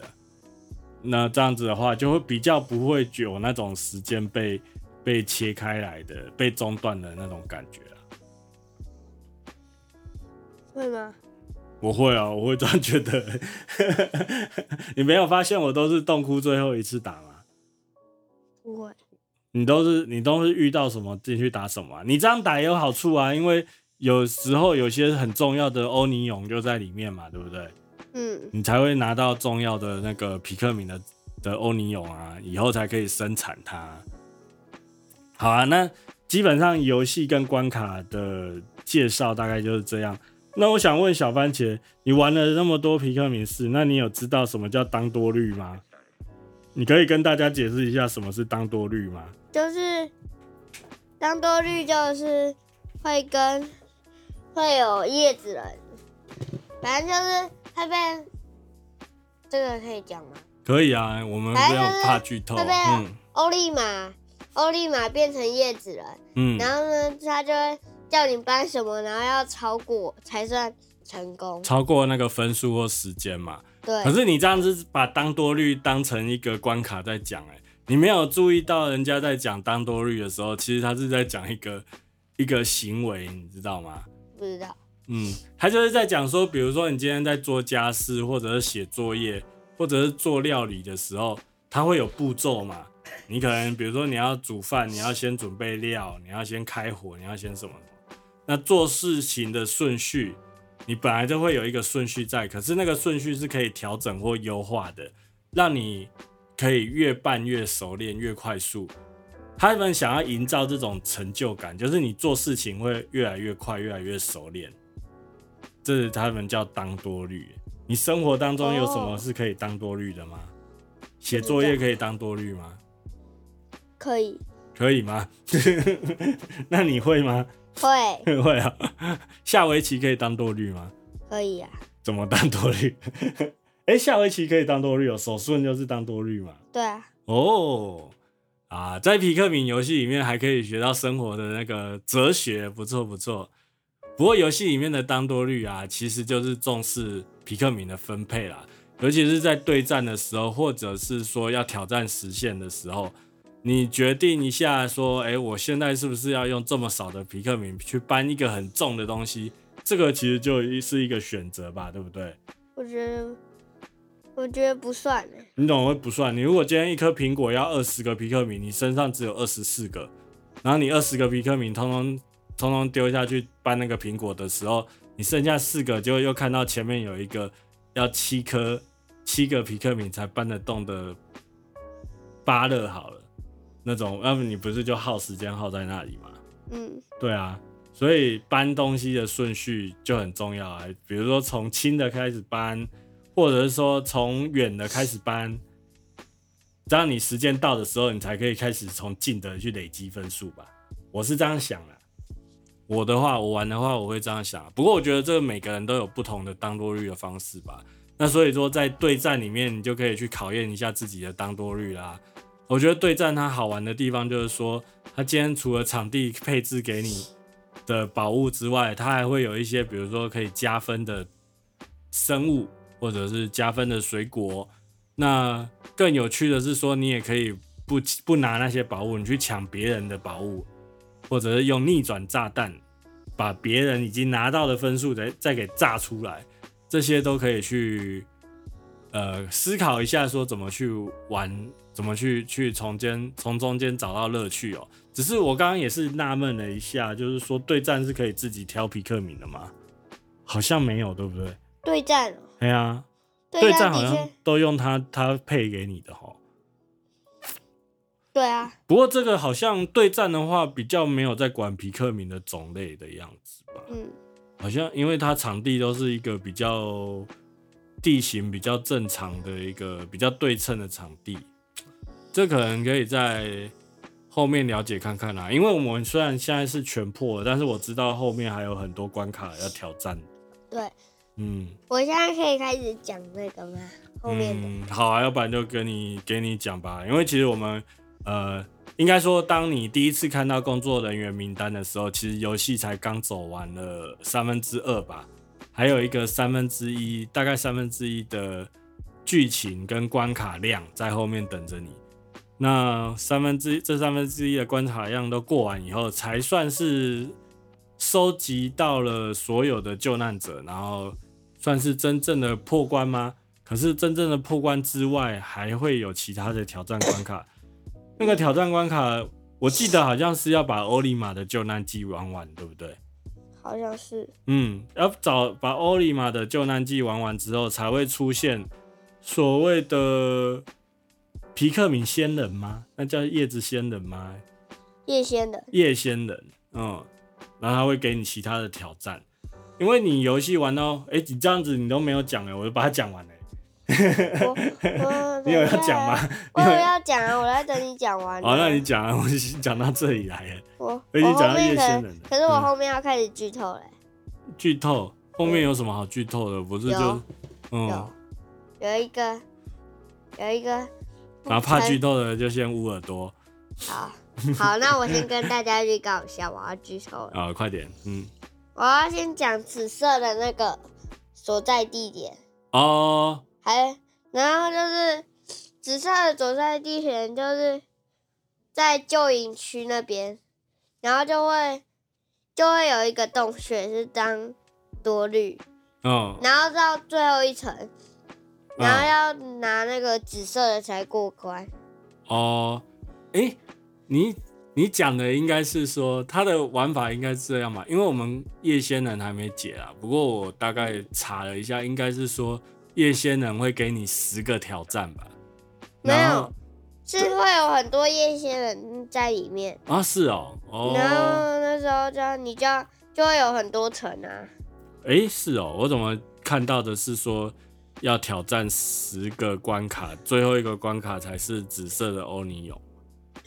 那這樣子的話，就會比較不會有那種時間被被切開來的、被中斷的那種感覺啊。會嗎？我會啊，我會這樣覺得， [laughs] 你沒有發現我都是洞窟最後一次打嗎？我，你都是你都是遇到什麼進去打什麼啊？你這樣打也有好處啊，因為有時候有些很重要的歐尼勇就在裡面嘛，對不對？嗯，你才會拿到重要的那個皮克敏的的歐尼勇啊，以後才可以生產它。好啊，那基本上遊戲跟關卡的介紹大概就是這樣。那我想問小番茄，你玩了那麼多皮克敏系，那你有知道什麼叫當多綠嗎？你可以跟大家解釋一下什麼是當多綠嗎？就是當多綠就是會跟會有葉子人，反正就是他被這個可以講嗎？可以啊，我們不用怕劇透。他被奧利馬，嗯，奧利馬變成葉子人了，嗯，然後呢，他就會。叫你搬什麼，然後要超過才算成功，超過那個分數或時間嘛。對。可是你這樣子把當多率當成一個關卡在講，哎，你沒有注意到人家在講當多率的時候，其實他是在講一個一個行為，你知道嗎？不知道。嗯，他就是在講說，比如說你今天在做家事，或者是寫作業，或者是做料理的時候，他會有步驟嘛。你可能比如說你要煮飯，你要先準備料，你要先開火，你要先什麼？那做事情的順序，你本來就會有一個順序在，可是那個順序是可以調整或優化的，讓你可以越辦越熟練、越快速。他們想要營造這種成就感，就是你做事情會越來越快、越來越熟練。這是他們叫當多慮。你生活當中有什麼是可以當多慮的嗎？寫作業可以當多慮嗎？可以。可以嗎？ [laughs] 那你會嗎？會會啊， [laughs] 下圍棋可以當多慮嗎？可以啊。怎麼當多慮、 [laughs] 欸？下圍棋可以當多慮哦、喔，手順就是當多慮嘛。對啊。哦、oh, 啊，在皮克敏遊戲裡面還可以學到生活的那個哲學，不錯不錯。不過遊戲裡面的當多慮啊，其實就是重視皮克敏的分配啦，尤其是在對戰的時候，或者是說要挑戰時限的時候。你決定一下，說，哎、欸，我現在是不是要用這麼少的皮克敏去搬一個很重的東西？這個其實就一是一個選擇吧，對不對？我覺得，我覺得不算。你怎麼會不算？你如果今天一顆蘋果要二十個皮克敏，你身上只有二十四個，然後你二十個皮克敏通通通通丟下去搬那個蘋果的時候，你剩下四個，就又看到前面有一個要七顆七個皮克敏才搬得動的芭樂，好了。那種，要不你不是就耗時間耗在那裡嗎？嗯，對啊，所以搬東西的順序就很重要啊。比如說從輕的開始搬，或者是說從遠的開始搬，這樣你時間到的時候，你才可以開始從近的去累積分數吧。我是這樣想的。我的話，我玩的話，我會這樣想。不過我覺得這個每個人都有不同的段取力的方式吧。那所以說，在對戰裡面，你就可以去考驗一下自己的段取力啦。我覺得對戰它好玩的地方就是說，它今天除了場地配置給你的寶物之外，它還會有一些，比如說可以加分的生物，或者是加分的水果。那更有趣的是說，你也可以不不拿那些寶物，你去搶別人的寶物，或者是用逆轉炸彈把別人已經拿到的分數再再給炸出來，這些都可以去。呃，思考一下，說怎麼去玩，怎麼去去從間從中間找到樂趣哦、喔。只是我剛剛也是納悶了一下，就是說對戰是可以自己挑皮克敏的嗎？好像沒有，對不對？對戰、喔？對啊，對戰好像都用他他配給你的哈。對啊。不過這個好像對戰的話，比較沒有在管皮克敏的種類的樣子吧。嗯。好像因為它場地都是一個比較。地形比較正常的一個比較對稱的場地，這可能可以在後面了解看看啦、啊。因為我們雖然現在是全破，但是我知道後面還有很多關卡要挑戰。對，嗯，我現在可以開始講這個嗎？後面的。好啊，要不然就跟你給你講吧。因為其實我們呃，應該說，當你第一次看到工作人員名單的時候，其實遊戲才剛走完了三分之二吧。還有一個三分之一，大概三分之一的劇情跟關卡量在後面等着你。那三分之一，這三分之一的關卡量都過完以後，才算是收集到了所有的救難者，然後算是真正的破關嗎？可是真正的破關之外，還會有其他的挑戰關卡。那個挑戰關卡，我記得好像是要把歐里瑪的救難記玩完，對不對？好像是，嗯，要找把奧利瑪的救難記玩完之後，才會出現所謂的皮克敏仙人嗎？那叫葉子仙人嗎？葉仙人，葉仙人，嗯，然後他會給你其他的挑戰，因為你遊戲玩到、哦，哎，你這樣子你都沒有講，哎，我就把它講完了。你有要講嗎？我有要講啊！我要等你講完。好，那你講啊！我講到這裡來了。我，已經講到這裡，可是我後面要開始劇透嘞。劇透？後面有什麼好劇透的？不是就，嗯，有一個，有一個，然後怕劇透的就先捂耳朵。好，好，那我先跟大家預告一下，我要劇透了。啊，快點，嗯，我要先講紫色的那個所在地點。哦。還，然後就是紫色的走在地下，就是在舊營區那邊，然後就會就會有一個洞穴是當多綠，嗯、哦，然後到最後一層，然後要拿那個紫色的才過關。哦，哦，誒，你你講的應該是說他的玩法應該是這樣嘛？因為我們葉仙人還沒解啊，不過我大概查了一下，應該是說。夜仙人會給你十個挑戰吧？沒有，後是會有很多夜仙人在裡面啊。是哦、喔，哦、oh,，然後那時候就你就就，就會有很多層啊。哎、欸，是哦、喔，我怎麼看到的是說要挑戰十個關卡，最後一個關卡才是紫色的歐尼有。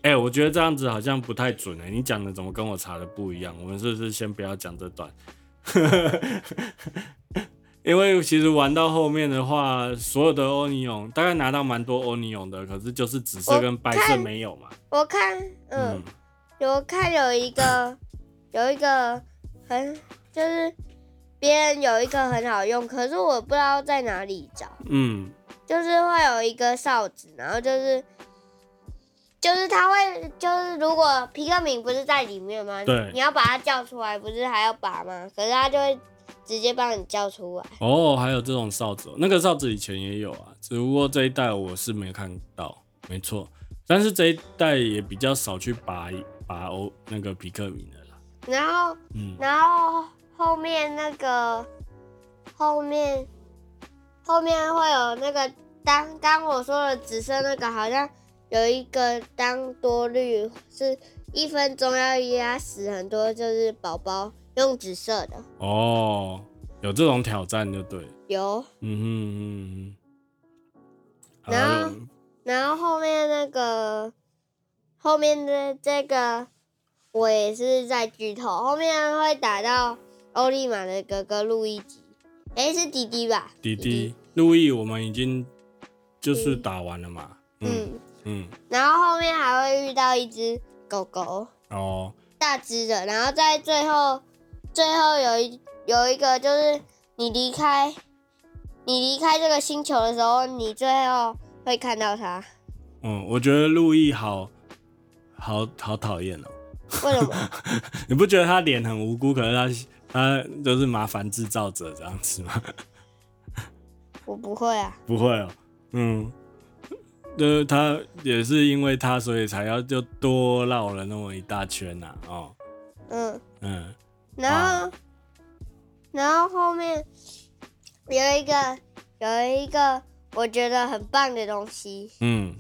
哎、欸，我覺得這樣子好像不太準哎、欸。你講的怎麼跟我查的不一樣？我們是不是先不要講這段？ [laughs] 因為其實玩到後面的話，所有的歐尼勇大概拿到蠻多歐尼勇的，可是就是紫色跟白色沒有嘛。我看，我看呃、嗯，我看有一個，有一個很就是別人有一個很好用，可是我不知道在哪裡找。嗯，就是會有一個哨子，然後就是就是他會就是如果皮克敏不是在裡面嗎？對，你要把它叫出來，不是還要拔嗎？可是它就會。直接幫你叫出來哦，還有這種哨子、哦，那個哨子以前也有啊，只不過這一代我是沒看到，沒錯，但是這一代也比較少去拔拔歐那個皮克敏的了。然後，然後後面那個、嗯、後面後面會有那個當，剛我說的紫色那個，好像有一個當多綠是一分鐘要壓死很多，就是寶寶。用紫色的哦，有這種挑戰就對了。有，嗯哼嗯嗯，然後，然後後面那個，後面的這個，我也是在劇透。後面會打到奧利瑪的哥哥路易吉，誒、欸，是弟弟吧？弟弟，弟，弟路易，我們已經就是打完了嘛。嗯嗯。嗯嗯，然後後面還會遇到一隻狗狗，哦，大隻的。然後在最後。最後有一有一個，就是你離開你離開這個星球的時候，你最後會看到他。嗯，我覺得路易好好討厭哦。喔、為什麼？ [laughs] 你不覺得他臉很無辜？可是他他就是麻煩製造者這樣子嗎？我不會啊。不會哦、喔，嗯，就是他也是因為他，所以才要就多繞了那麼一大圈吶、啊，哦、喔，嗯嗯。嗯然後，啊、然後後面有一個有一個我覺得很棒的東西。嗯。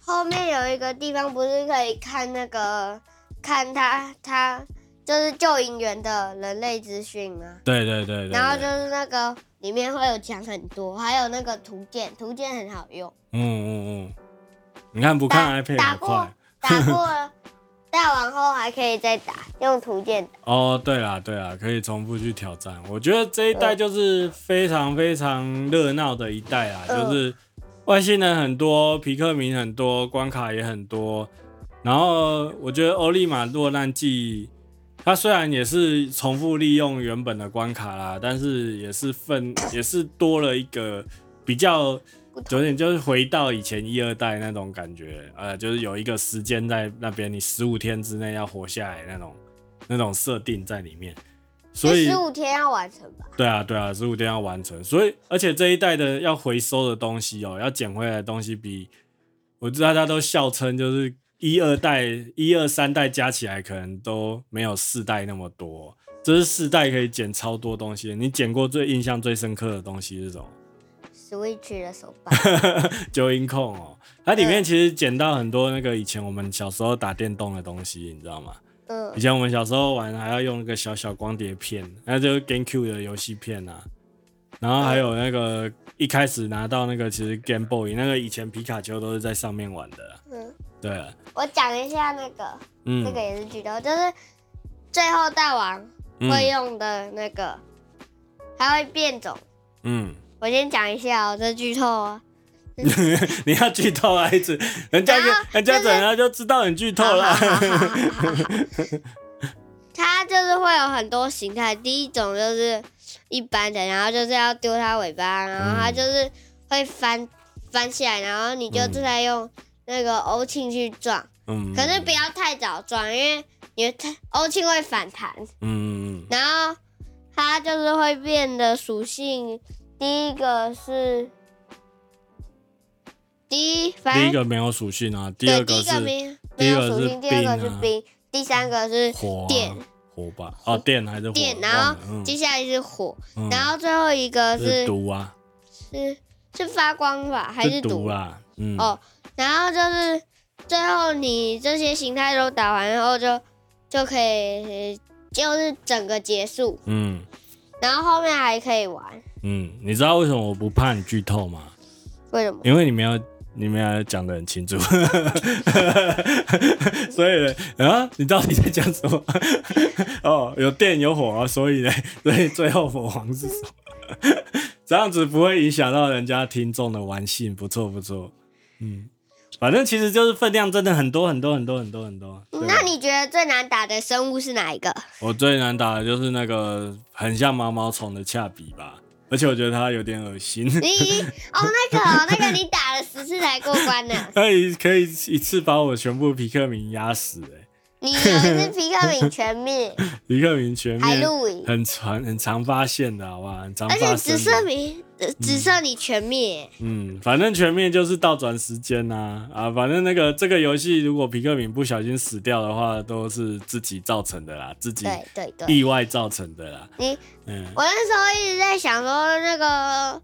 後面有一個地方不是可以看那個看他，他就是救援員的人類資訊嗎、啊？對對，對對對。然後就是那個裡面會有講很多，還有那個圖鑑，圖鑑很好用。嗯嗯嗯。嗯你看、嗯、不看 iPad？打過快，打過。 [laughs] 打完後還可以再打，用圖鑑。哦，對啦，對啦，可以重複去挑戰。我覺得這一代就是非常非常熱鬧的一代啦，嗯、就是外星人很多，皮克敏很多，關卡也很多。然後我覺得歐利瑪落難記，它雖然也是重複利用原本的關卡啦，但是也是分，也是多了一個比較。有點就，就是回到以前一二代那種感覺，呃，就是有一個時間在那邊，你十五天之內要活下來那種那種設定在裡面。所以欸、十五天要完成吧？對啊，對啊，十五天要完成。所以而且這一代的要回收的東西哦、喔，要撿回來的東西比我知道大家都笑稱就是一二代、一二三代加起來可能都沒有四代那麼多，這是四代可以撿超多東西。你撿過最印象最深刻的東西是什麼？Switch 的手把，九音控哦、喔，嗯、它裡面其實撿到很多那個以前我們小時候打電動的東西，你知道嗎？嗯。以前我們小時候玩還要用那個小小光碟片、啊，那就是 GameCube 的遊戲片啊。然後還有那個一開始拿到那個其實 Game Boy，那個以前皮卡丘都是在上面玩的、啊。嗯，對了。我講一下那個，嗯、那個也是巨多，就是最後大王會用的那個，還會變種。嗯。我先講一下哦、喔、這劇透啊！嗯、 [laughs] 你要劇透孩、啊、子，人家、就是、人家怎樣就知道你劇透了、啊哦。他 [laughs] 就是會有很多形態，第一種就是一般的，然後就是要丟他尾巴，然後他就是會翻翻起來，然後你就正在用那個歐慶去撞，嗯、可是不要太早撞，因為你太歐慶會反彈。嗯嗯嗯。然後他就是會變得屬性。第一個是第一，反正第一個沒有屬性啊。第二個是，第一個是、啊、第二個是冰，第三個是電火，、啊、火吧？哦，電還是火？電，然後接下來是火，啊嗯、然後最後一個是，、嗯、是毒啊？是是發光吧？還是毒啦？哦、啊，嗯 oh，然後就是最後你這些形態都打完，然後就就可以就是整個結束。嗯，然後後面還可以玩。嗯，你知道為什麼我不怕你劇透嗎？為什麼？因為你們要，你們要講得很清楚， [laughs] 所以呢，啊，你到底在講什麼？哦，有電有火啊，所以呢，所以最後火黃是什麼？這樣子不會影響到人家聽眾的玩性，不錯不錯。嗯，反正其實就是分量真的很多很多很多很多很多。對對，那你覺得最難打的生物是哪一個？我最難打的就是那個很像毛毛蟲的恰比吧。而且我覺得他有點噁心、欸。你哦，那個、哦、 [laughs] 那個，你打了十次才過關呢、啊？他一可，可以一次把我全部皮克敏壓死、欸。你是皮克敏全滅， [laughs] 皮克敏全滅，很常很常發現的好吧？很常發生的，而且紫色米紫色你全滅，嗯，反正全滅就是倒轉時間吶啊、啊，反正那個這個遊戲如果皮克敏不小心死掉的話，都是自己造成的啦，自己意外造成的啦。對對對你嗯，我那時候一直在想說，那個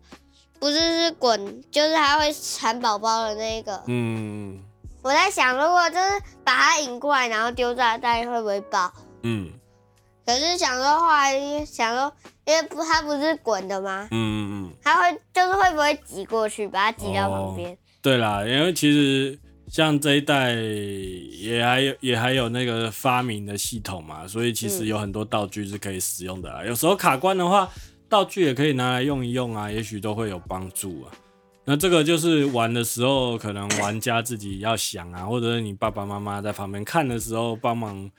不是是滾，就是它會產寶寶的那一個，嗯。我在想，如果就是把它引過來，然後丟炸彈，會不會爆？嗯，嗯。嗯嗯哦、可是想說，後來想說，因為不，它不是滾的嗎？嗯嗯嗯。它會就是會不會擠過去，把它擠到旁邊？哦？對啦，因為其實像這一代也還有也還有那個發明的系統嘛，所以其實有很多道具是可以使用的啊。有時候卡關的話，道具也可以拿來用一用啊，也許都會有幫助啊。那這個就是玩的時候，可能玩家自己要想啊，或者是你爸爸媽媽在旁邊看的時候幫忙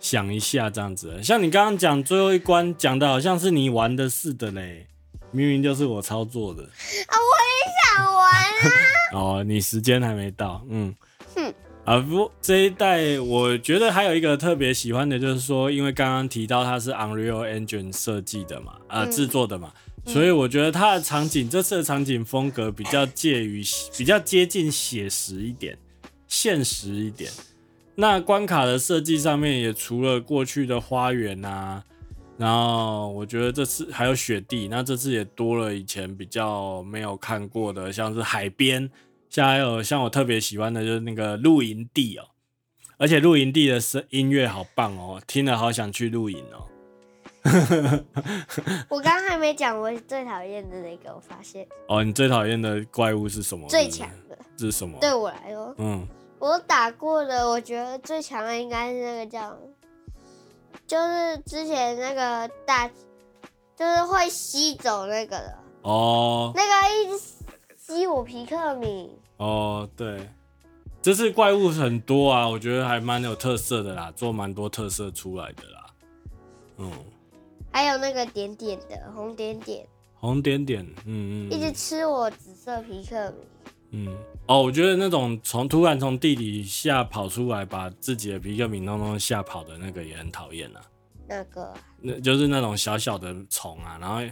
想一下這樣子的。像你剛剛講最後一關講的好像是你玩的似的嘞，明明就是我操作的啊！我也想玩啊！ [laughs] 哦，你時間還沒到，嗯。哼、嗯。啊，不，這一代我覺得還有一個特別喜歡的，就是說，因為剛剛提到它是 Unreal Engine 設計的嘛，呃，製作的嘛。所以我覺得它的場景，這次的場景風格比較介於比較接近寫實一點，現實一點。那關卡的設計上面也除了過去的花園啊，然後我覺得這次還有雪地，那這次也多了以前比較沒有看過的，像是海邊，像還有像我特別喜歡的就是那個露營地哦、喔，而且露營地的聲音樂好棒哦、喔，聽了好想去露營哦。 [laughs] 我剛剛還沒講我最討厭的那個，我發現哦，你最討厭的怪物是什麼？最強的。是什麼？對我來說，嗯，我打過的，我覺得最強的應該是那個叫，就是之前那個大，就是會吸走那個的哦，那個一直吸我皮克米。哦，對，這次怪物很多啊，我覺得還蠻有特色的啦，做蠻多特色出來的啦，嗯。還有那個點點的紅點點，紅點點，嗯嗯，一直吃我紫色皮克敏，嗯哦，我覺得那種從突然從地底下跑出來，把自己的皮克敏弄弄嚇跑的那個也很討厭啊。那個，那就是那種小小的蟲啊，然後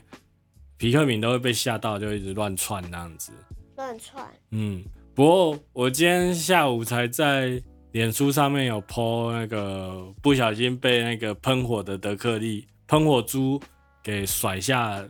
皮克敏都會被嚇到，就一直亂竄那樣子。亂竄。嗯，不過我今天下午才在臉書上面有 po 那個不小心被那個噴火的德克利。噴火豬給甩下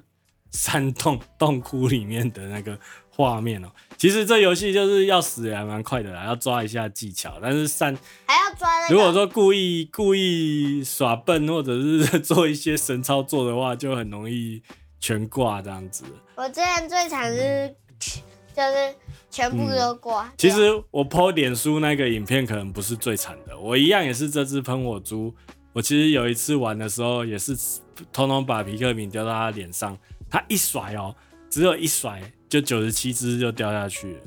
山洞洞窟裡面的那個畫面哦、喔，其實這遊戲就是要死還蠻快的啦，要抓一下技巧。但是上還要抓，那個，如果說故意故意耍笨或者是做一些神操作的話，就很容易全掛這樣子。我之前最慘是就是全部都掛。嗯、對其實我 po 臉書那個影片，可能不是最慘的，我一樣也是這只噴火豬。我其實有一次玩的時候，也是通通把皮克敏丟到他臉上，他一甩哦，只有一甩就九十七只就掉下去了。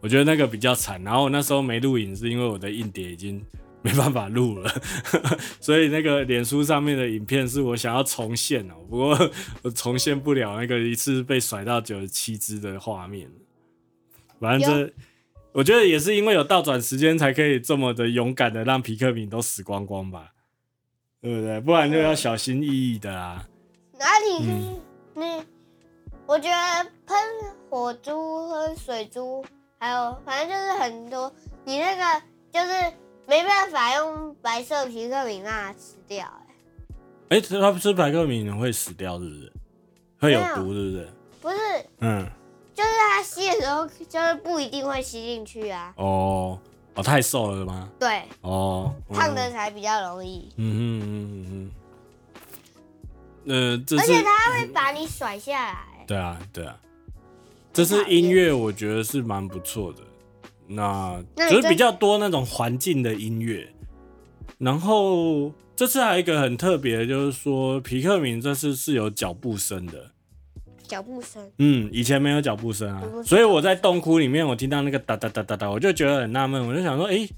我覺得那個比較慘。然後我那時候沒錄影，是因為我的硬碟已經沒辦法錄了，所以那個臉書上面的影片是我想要重現哦，不過我重現不了那個一次被甩到九十七只的畫面。反正這我覺得也是因為有倒轉時間，才可以這麼的勇敢的讓皮克敏都死光光吧。對不對？不然就要小心翼翼的啦、啊嗯。哪裡、就是？那、嗯、我覺得噴火珠和水珠，還有反正就是很多，你那個就是沒辦法用白色皮克敏讓、欸欸、它吃掉。哎，吃它吃白皮克敏會死掉是不是？會有毒有是不是？不是，嗯，就是它吸的時候，就是不一定會吸進去啊。哦。哦，太瘦了嗎？對，哦，胖的才比較容易。嗯哼嗯哼嗯嗯嗯。呃，這是而且他會把你甩下來。嗯、對啊，對啊。這次音樂，我覺得是蠻不錯的。那就是比較多那種環境的音樂。然後這次還有一個很特別的，就是說皮克敏這次是有腳步聲的。腳步聲，嗯，以前沒有腳步聲啊，所以我在洞窟裡面，我聽到那個噠噠噠噠噠，我就覺得很納悶，我就想說，哎、欸，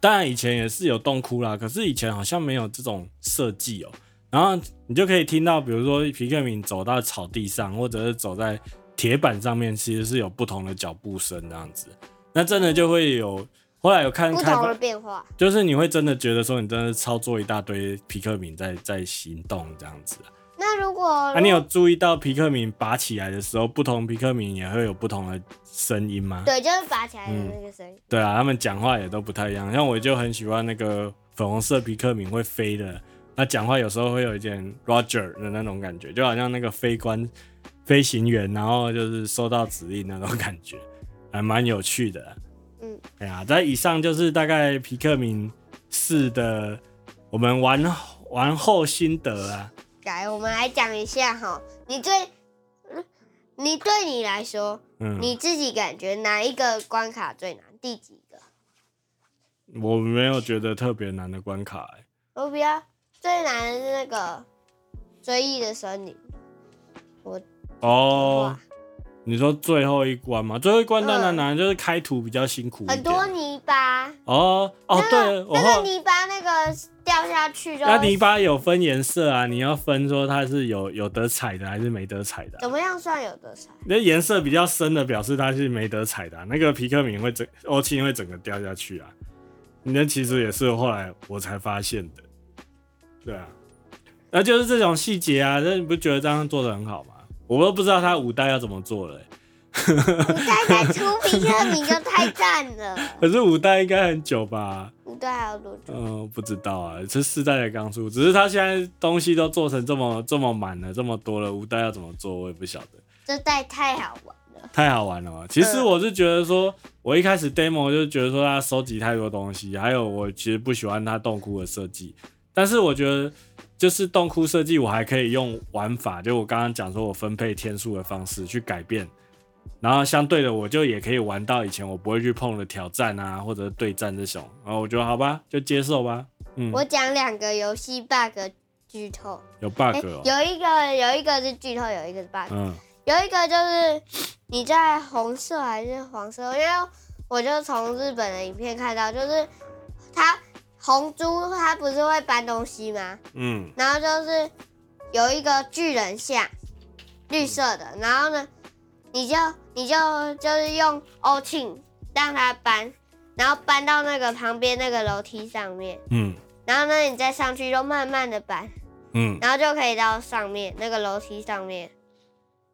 當然以前也是有洞窟啦，可是以前好像沒有這種設計哦。然後你就可以聽到，比如說皮克敏走到草地上，或者是走在鐵板上面，其實是有不同的腳步聲這樣子。那真的就會有，嗯、後來有看不同的變化，就是你會真的覺得說，你真的操作一大堆皮克敏在在行動這樣子、啊。那如果……那、啊、你有注意到皮克敏拔起來的時候，不同皮克敏也會有不同的聲音嗎？對，就是拔起來的那個聲音、嗯。對啊，他們講話也都不太一樣。像我就很喜歡那個粉紅色皮克敏會飛的，那講話有時候會有一點 Roger 的那種感覺，就好像那個飛官、飛行員，然後就是收到指令那種感覺，還蠻有趣的。嗯，哎呀，在以上就是大概皮克敏四的我們玩玩後心得啊。改，我們來講一下哈，你最，你對你來說，嗯、你自己感覺哪一個關卡最難？第幾個？我沒有覺得特別難的關卡、欸。我比較最難的是那個追憶的森林。我哦，哇你說最後一關嗎？最後一關當然難，就是開圖比較辛苦、嗯，很多泥巴。哦、那個、哦，對，那個泥巴那個。掉下去就那、啊、泥巴有分顏色啊，你要分說它是有有得踩的還是沒得踩的、啊。怎麼樣算有得踩？那顏色比較深的表示它是沒得踩的、啊。那個皮克敏會整歐慶會整個掉下去啊。那其實也是後來我才發現的。對啊，那就是這種細節啊。那你不覺得這樣做得很好嗎？我都不知道他五代要怎麼做了、欸。五代才出皮克敏就太讚了。 [laughs] 可是五代應該很久吧？五代要多久？嗯、呃，不知道啊，這四代的剛出，只是他現在東西都做成這麼這麼滿了，這麼多了，五代要怎麼做，我也不曉得。這代太好玩了，太好玩了！其實我是覺得說，我一開始 demo 就覺得說他收集太多東西，還有我其實不喜歡他洞窟的設計，但是我覺得就是洞窟設計，我還可以用玩法，就我剛剛講說我分配天數的方式去改變。然後相對的，我就也可以玩到以前我不會去碰的挑戰啊，或者對戰這種。然後我覺得好吧，就接受吧。嗯。我講兩個遊戲 bug 劇透。有 bug 哦。誒 有一個，有一個是劇透，有一個是 bug。嗯。有一個就是你在紅色還是黃色？因為我就從日本的影片看到，就是他紅豬，他不是會搬東西嗎？嗯。然後就是有一個巨人像綠色的，然後呢？你就你就就是用歐慶、哦、讓他搬，然後搬到那個旁邊那個樓梯上面，嗯，然後呢，你再上去就慢慢的搬，嗯，然後就可以到上面那個樓梯上面，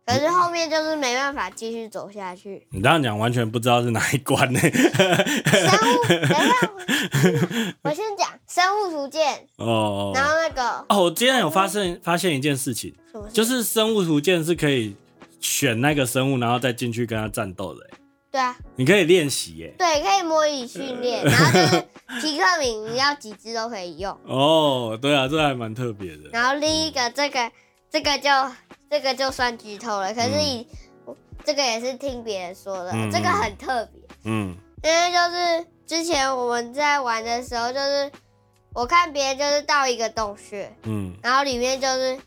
可是後面就是沒辦法繼續走下去。你這樣講完全不知道是哪一關呢？ [laughs] 生物，等一下，我先講，我先講生物圖鑑哦，哦然後那個哦，我今天有發現、嗯、發現一件事情，什麼事？就是生物圖鑑是可以。選那個生物，然後再進去跟他戰鬥的，欸。對啊，你可以練習耶。對，可以模擬訓練， [laughs] 然後就是皮克敏，你要幾隻都可以用。哦，oh, 對啊，這還蠻特別的。然後另一個，嗯、這個這個就這個就算劇透了。可是以、嗯、這個也是聽別人說的，嗯嗯，這個很特別。嗯，因為就是之前我們在玩的時候，就是我看別人就是到一個洞穴，嗯，然後裡面就是。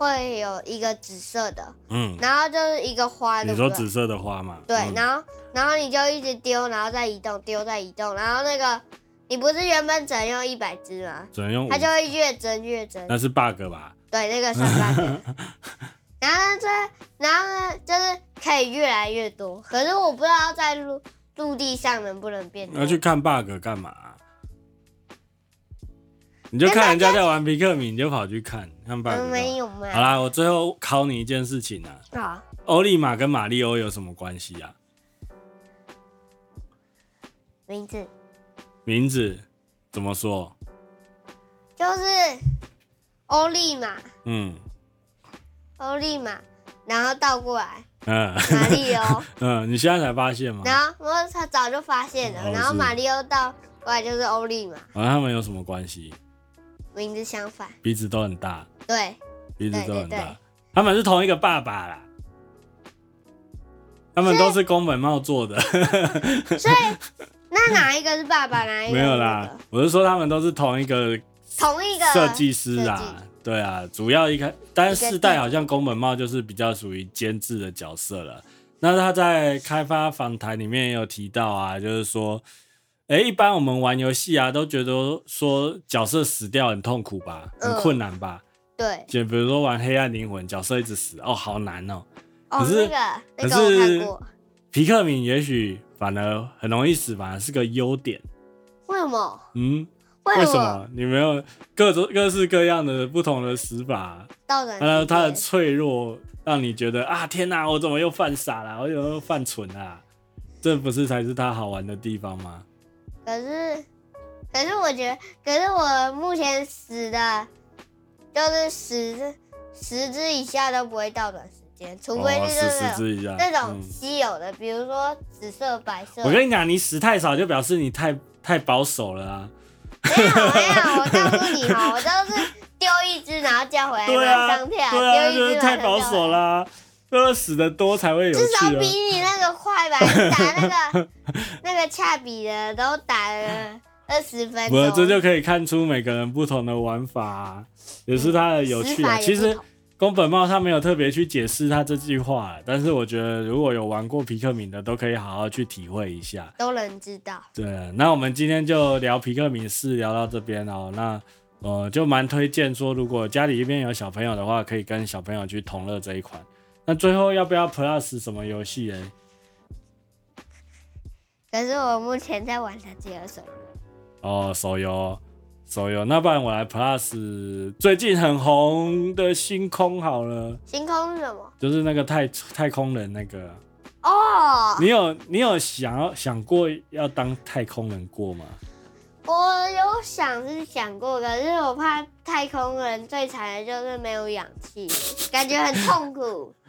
會有一個紫色的，嗯，然後就是一個花的。你說紫色的花嘛？對，嗯、然後，然後你就一直丟，然後再移動，丟再移動，然後那個你不是原本只能用一百隻嗎？只能用，它就會越增越增。那是 bug 吧？對，那個算 bug [laughs] 然後呢這，然後呢，就是可以越來越多，可是我不知道在陸陸地上能不能變。那去看 bug 幹嘛、啊？你就看人家在玩誰皮克敏，你就跑去看。看、嗯、沒有嘛。好啦，我最後考你一件事情啊。好。歐利馬跟馬里歐有什麼關係啊？名字。名字怎麼說？就是歐利瑪。嗯。歐利瑪。然後倒過來。嗯。馬里歐。 [laughs] 嗯，你現在才發現嗎？然後，他早就發現了。然後馬里歐倒過來就是歐利瑪。好，那他們有什麼關係？名字相反，鼻子都很大，對，鼻子都很大，對對對，他們是同一個爸爸啦，以他們都是宮本茂做的， [laughs] 所以那哪一個是爸爸？哪一，個哪一個沒有啦？我是說他們都是同一個設計同一個設計師啊，對啊，主要一開，但是世代好像宮本茂就是比較屬於監製的角色了。那他在開發訪談裡面也有提到啊，就是說。哎、欸，一般我們玩遊戲啊，都覺得說角色死掉很痛苦吧，呃、很困難吧？對，就比如說玩《黑暗靈魂》，角色一直死，哦，好難哦。哦，可是可是皮克敏也許反而很容易死，吧，是個優點。為什麼？嗯，為什麼？什麼，你沒有各種各式各樣的不同的死法，當然、啊。它的脆弱，讓你覺得啊，天哪、啊，我怎麼又犯傻了、啊？我怎麼又犯蠢了啊？這不是才是它好玩的地方嗎？可是，可是我覺得，可是我目前死的就是十隻，十隻以下都不會倒轉時間，除非就是那種、哦、那種稀有的，嗯、比如說紫色、白色。我跟你講，你死太少就表示你太太保守了啊！沒有沒有，我告訴你啊，我就是丟一隻，然後叫回來再張票，丟一隻，啊啊、太保守了、啊。餓死的多才會有趣，哦，至少比你那個快吧， [laughs] 打那個 [laughs] 那個恰比的都打了二十分鐘。我這就可以看出每個人不同的玩法，啊，也是它的有趣，啊。嗯、法其實宮本茂他沒有特別去解釋他這句話，欸，但是我覺得如果有玩過皮克敏的，都可以好好去體會一下，都能知道。對，那我們今天就聊皮克敏事聊到這邊哦，那呃就蠻推薦說，如果家裡一邊有小朋友的話，可以跟小朋友去同樂這一款。那最後要不要 Plus 什麼遊戲哎？可是我目前在玩的只有手哦，手遊，手遊。那不然我來 Plus 最近很紅的《星空》好了。《星空》是什麼？就是那個太太空人那個。哦，oh。你有你有想要想過要當太空人過嗎？我有想是想過，可是我怕太空人最慘的就是沒有氧氣， [laughs] 感覺很痛苦。 [laughs]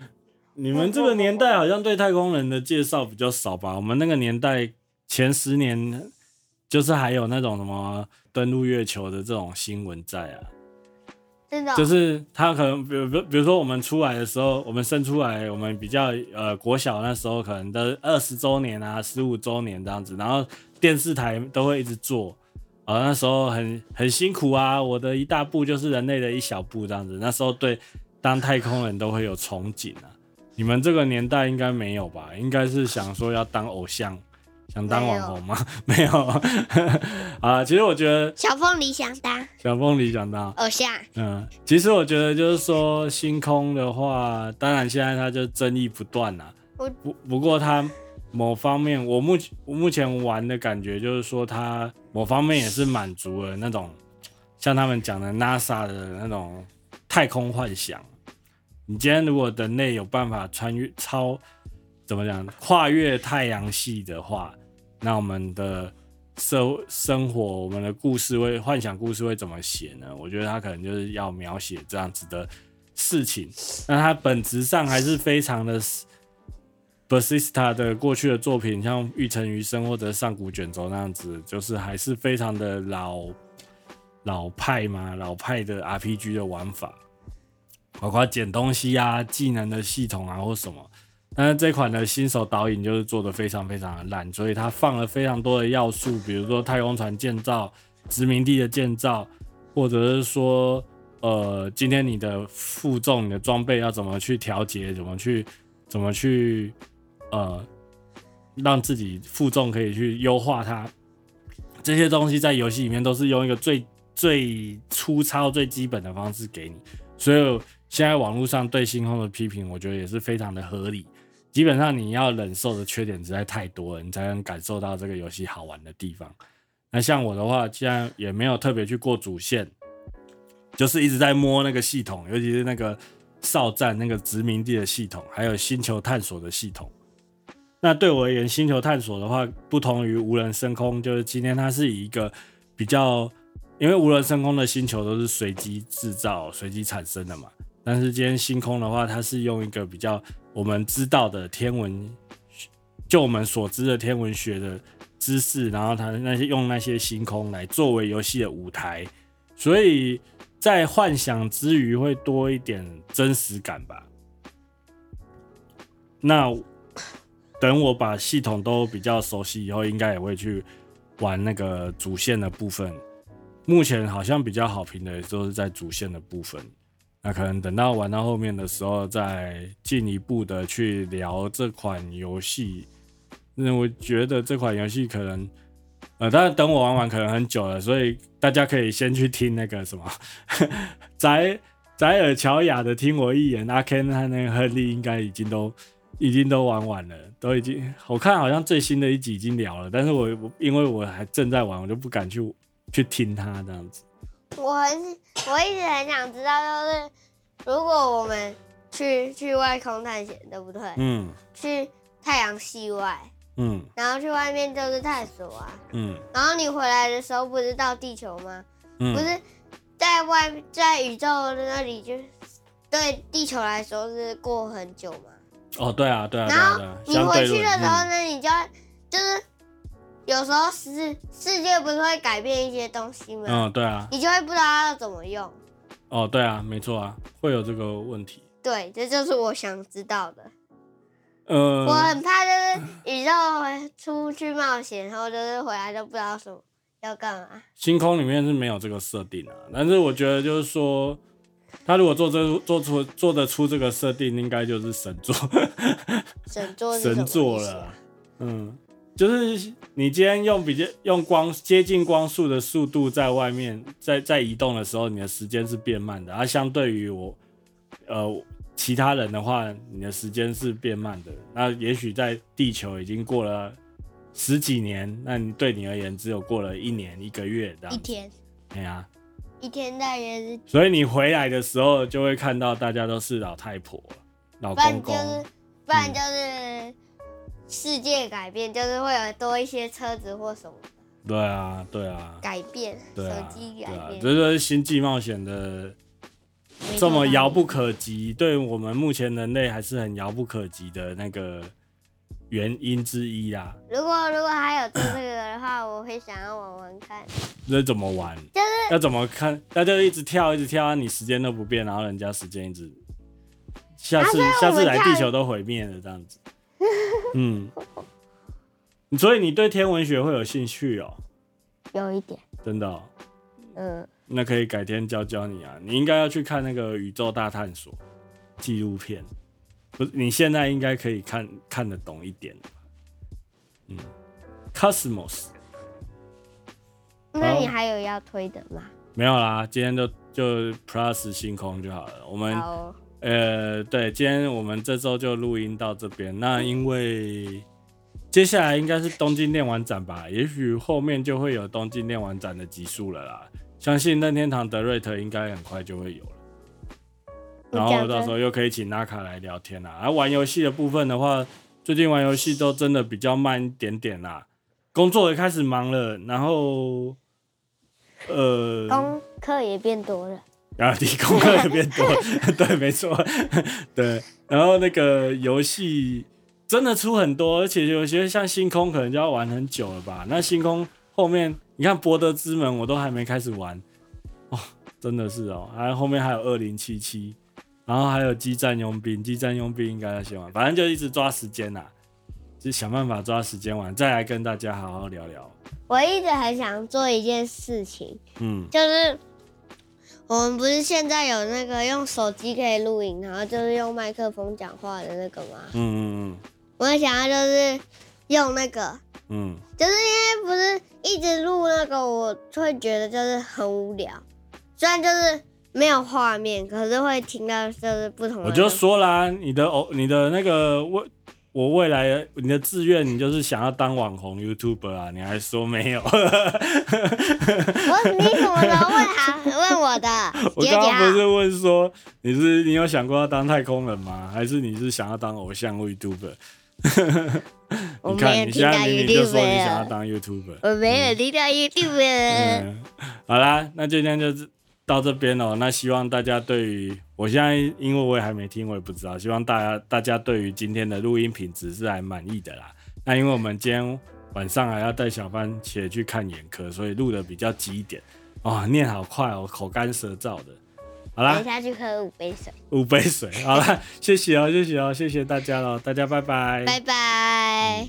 你們這個年代好像對太空人的介紹比較少吧？我們那個年代前十年，就是還有那種什麼登陸月球的這種新聞在啊，真的，就是他可能，比比比如說我們出來的時候，我們生出來，我們比較呃國小那時候可能的二十周年啊、十五周年這樣子，然後電視台都會一直做、呃，啊那時候很很辛苦啊，我的一大步就是人類的一小步這樣子，那時候對當太空人都會有憧憬啊。你們這個年代應該沒有吧？應該是想說要當偶像，想當網紅嗎？沒有啊 [laughs] 沒有。 [laughs] 其實我覺得小鳳梨想當小鳳梨想當偶像。嗯，其實我覺得就是說星空的話，當然現在它就爭議不斷了、啊。我不不過它某方面，我目前我目前玩的感覺就是說它某方面也是滿足了那種像他們講的 NASA 的那種太空幻想。你今天如果的內有辦法穿越超，怎麼講？跨越太陽系的話，那我們的生生活，我們的故事會幻想故事會怎麼寫呢？我覺得他可能就是要描寫這樣子的事情。那它本質上還是非常的 Bethesda 的過去的作品，像《異塵餘生》或者《上古卷軸》那樣子，就是還是非常的老老派嘛，老派的 RPG 的玩法。包括撿東西啊、技能的系統啊，或什麼，但是這款的新手導引就是做的非常非常的爛，所以它放了非常多的要素，比如說太空船建造、殖民地的建造，或者是說，呃，今天你的負重、你的裝備要怎麼去調節，怎麼去，怎麼去，呃，讓自己負重可以去優化它，這些東西在遊戲裡面都是用一個最最粗糙、最基本的方式給你，所以。現在網絡上對星空的批評，我覺得也是非常的合理。基本上你要忍受的缺點實在太多了，你才能感受到這個遊戲好玩的地方。那像我的話，既然也沒有特別去過主線，就是一直在摸那個系統，尤其是那個哨站那個殖民地的系統，還有星球探索的系統。那對我而言，星球探索的話，不同於無人深空，就是今天它是以一個比較，因為無人深空的星球都是隨機製造、隨機產生的嘛。但是今天星空的話，它是用一個比較我們知道的天文，就我們所知的天文學的知識，然後它那些用那些星空來作為遊戲的舞台，所以在幻想之餘會多一點真實感吧。那等我把系統都比較熟悉以後，應該也會去玩那個主線的部分。目前好像比較好評的也都是在主線的部分。那、啊、可能等到玩到後面的時候，再進一步的去聊這款遊戲。那、嗯、我覺得這款遊戲可能，呃，當然等我玩完可能很久了，所以大家可以先去聽那個什麼，宅宅爾喬亞的聽我一言。阿 Ken 和那個亨利應該已經都已經都玩完了，都已經我看好像最新的一集已經聊了，但是我，我因為我還正在玩，我就不敢去去聽他這樣子。我很我一直很想知道，就是如果我們去去外空探險，對不對？嗯。去太陽系外，嗯。然後去外面就是探索啊，嗯。然後你回來的時候不是到地球嗎？嗯、不是在外在宇宙的那裡就對地球來說是過很久嗎？哦，對啊，對啊，對啊，然後你回去的時候呢，嗯、你就要，就是。有時候是世界不是會改變一些東西嗎？嗯、哦，對啊，你就會不知道它要怎麼用。哦，對啊，沒錯啊，會有這個問題。對，這就是我想知道的。呃，我很怕就是宇宙出去冒險，然後就是回來都不知道什麼要幹嘛。星空裡面是沒有這個設定啊，但是我覺得就是說，他如果做這做出做得出這個設定，應該就是神作， [laughs] 神作、啊、神作了，嗯。就是你今天用比較用光接近光速的速度在外面在在移動的時候，你的時間是變慢的，啊。而相對於我，呃，其他人的話，你的時間是變慢的，啊。那也許在地球已經過了十幾年，那你對你而言只有過了一年、一個月、一天。哎呀，一天大約是。所以你回來的時候就會看到大家都是老太婆、老公公，不然就是。世界改變就是會有多一些車子或什麼。對啊，對啊。改變，對啊、手機改變。所以說星際冒險的這麼遙不可及，沒錯，對我們目前人類還是很遙不可及的那個原因之一啦。如果如果還有這個的話， [coughs] 我會想要玩玩看。那怎麼玩，就是要怎麼看？那就一直跳，一直跳，你時間都不變，然後人家時間一直，下次、啊、下次來地球都毀滅了這樣子。 [laughs] 嗯，所以你對天文學會有興趣哦？有一點。真的？嗯。那可以改天教教你啊，你應該要去看那個宇宙大探索紀錄片，不是？你現在應該可以看看得懂一點，嗯，Cosmos，那你還有要推的嗎？沒有啦，今天就就 Plus 星空就好了，我們。呃，對，今天我們這周就錄音到這邊。那因為接下來應該是東京電玩展吧，也許後面就會有東京電玩展的集數了啦。相信任天堂的 r e t r 應該很快就會有了，然後到時候又可以請 n 卡來聊天啦。而、啊、玩遊戲的部分的話，最近玩遊戲都真的比較慢一點點啦，工作也開始忙了，然後呃，功課也變多了。然後，理工科也變多， [laughs] 對，沒錯，對。然後那個遊戲真的出很多，而且有些像星空，可能就要玩很久了吧？那星空後面，你看《博德之門》，我都還沒開始玩，喔、真的是哦、喔！還後面還有二零七七，然後還有激戰傭兵《激戰傭兵》，《激戰傭兵》應該要先玩，反正就一直抓時間啦，就想辦法抓時間玩，再來跟大家好好聊聊。我一直很想做一件事情，嗯，就是。我們不是現在有那個用手機可以錄影，然後就是用麥克風講話的那個嗎？嗯嗯嗯。我想要就是用那個，嗯，就是因為不是一直錄那個，我會覺得就是很無聊。雖然就是沒有畫面，可是會聽到就是不同。我就說啦啊，你的哦，你的那個我。我未來你的志願，你就是想要當網紅 YouTuber 啊？你還說沒有？我 [laughs] 你怎麼能問他、啊、問我的？姐姐我剛剛不是問說你是你有想過要當太空人嗎？還是你是想要當偶像 YouTuber？ [laughs] you [laughs] 你看你現在明明就說你想要當 YouTuber，我沒有聽到 YouTuber。好啦，那今天就是。到這邊哦、喔，那希望大家對於我現在，因為我也還沒聽，我也不知道。希望大家大家對於今天的錄音品質是還滿意的啦。那因為我們今天晚上還要帶小番茄去看眼科，所以錄得比較急一點。哇、喔，念好快哦、喔，口乾舌燥的。好啦，等一下去喝五杯水。五杯水。好啦、 [laughs] 喔，謝謝哦，謝謝哦，謝謝大家囉，大家拜拜。拜拜。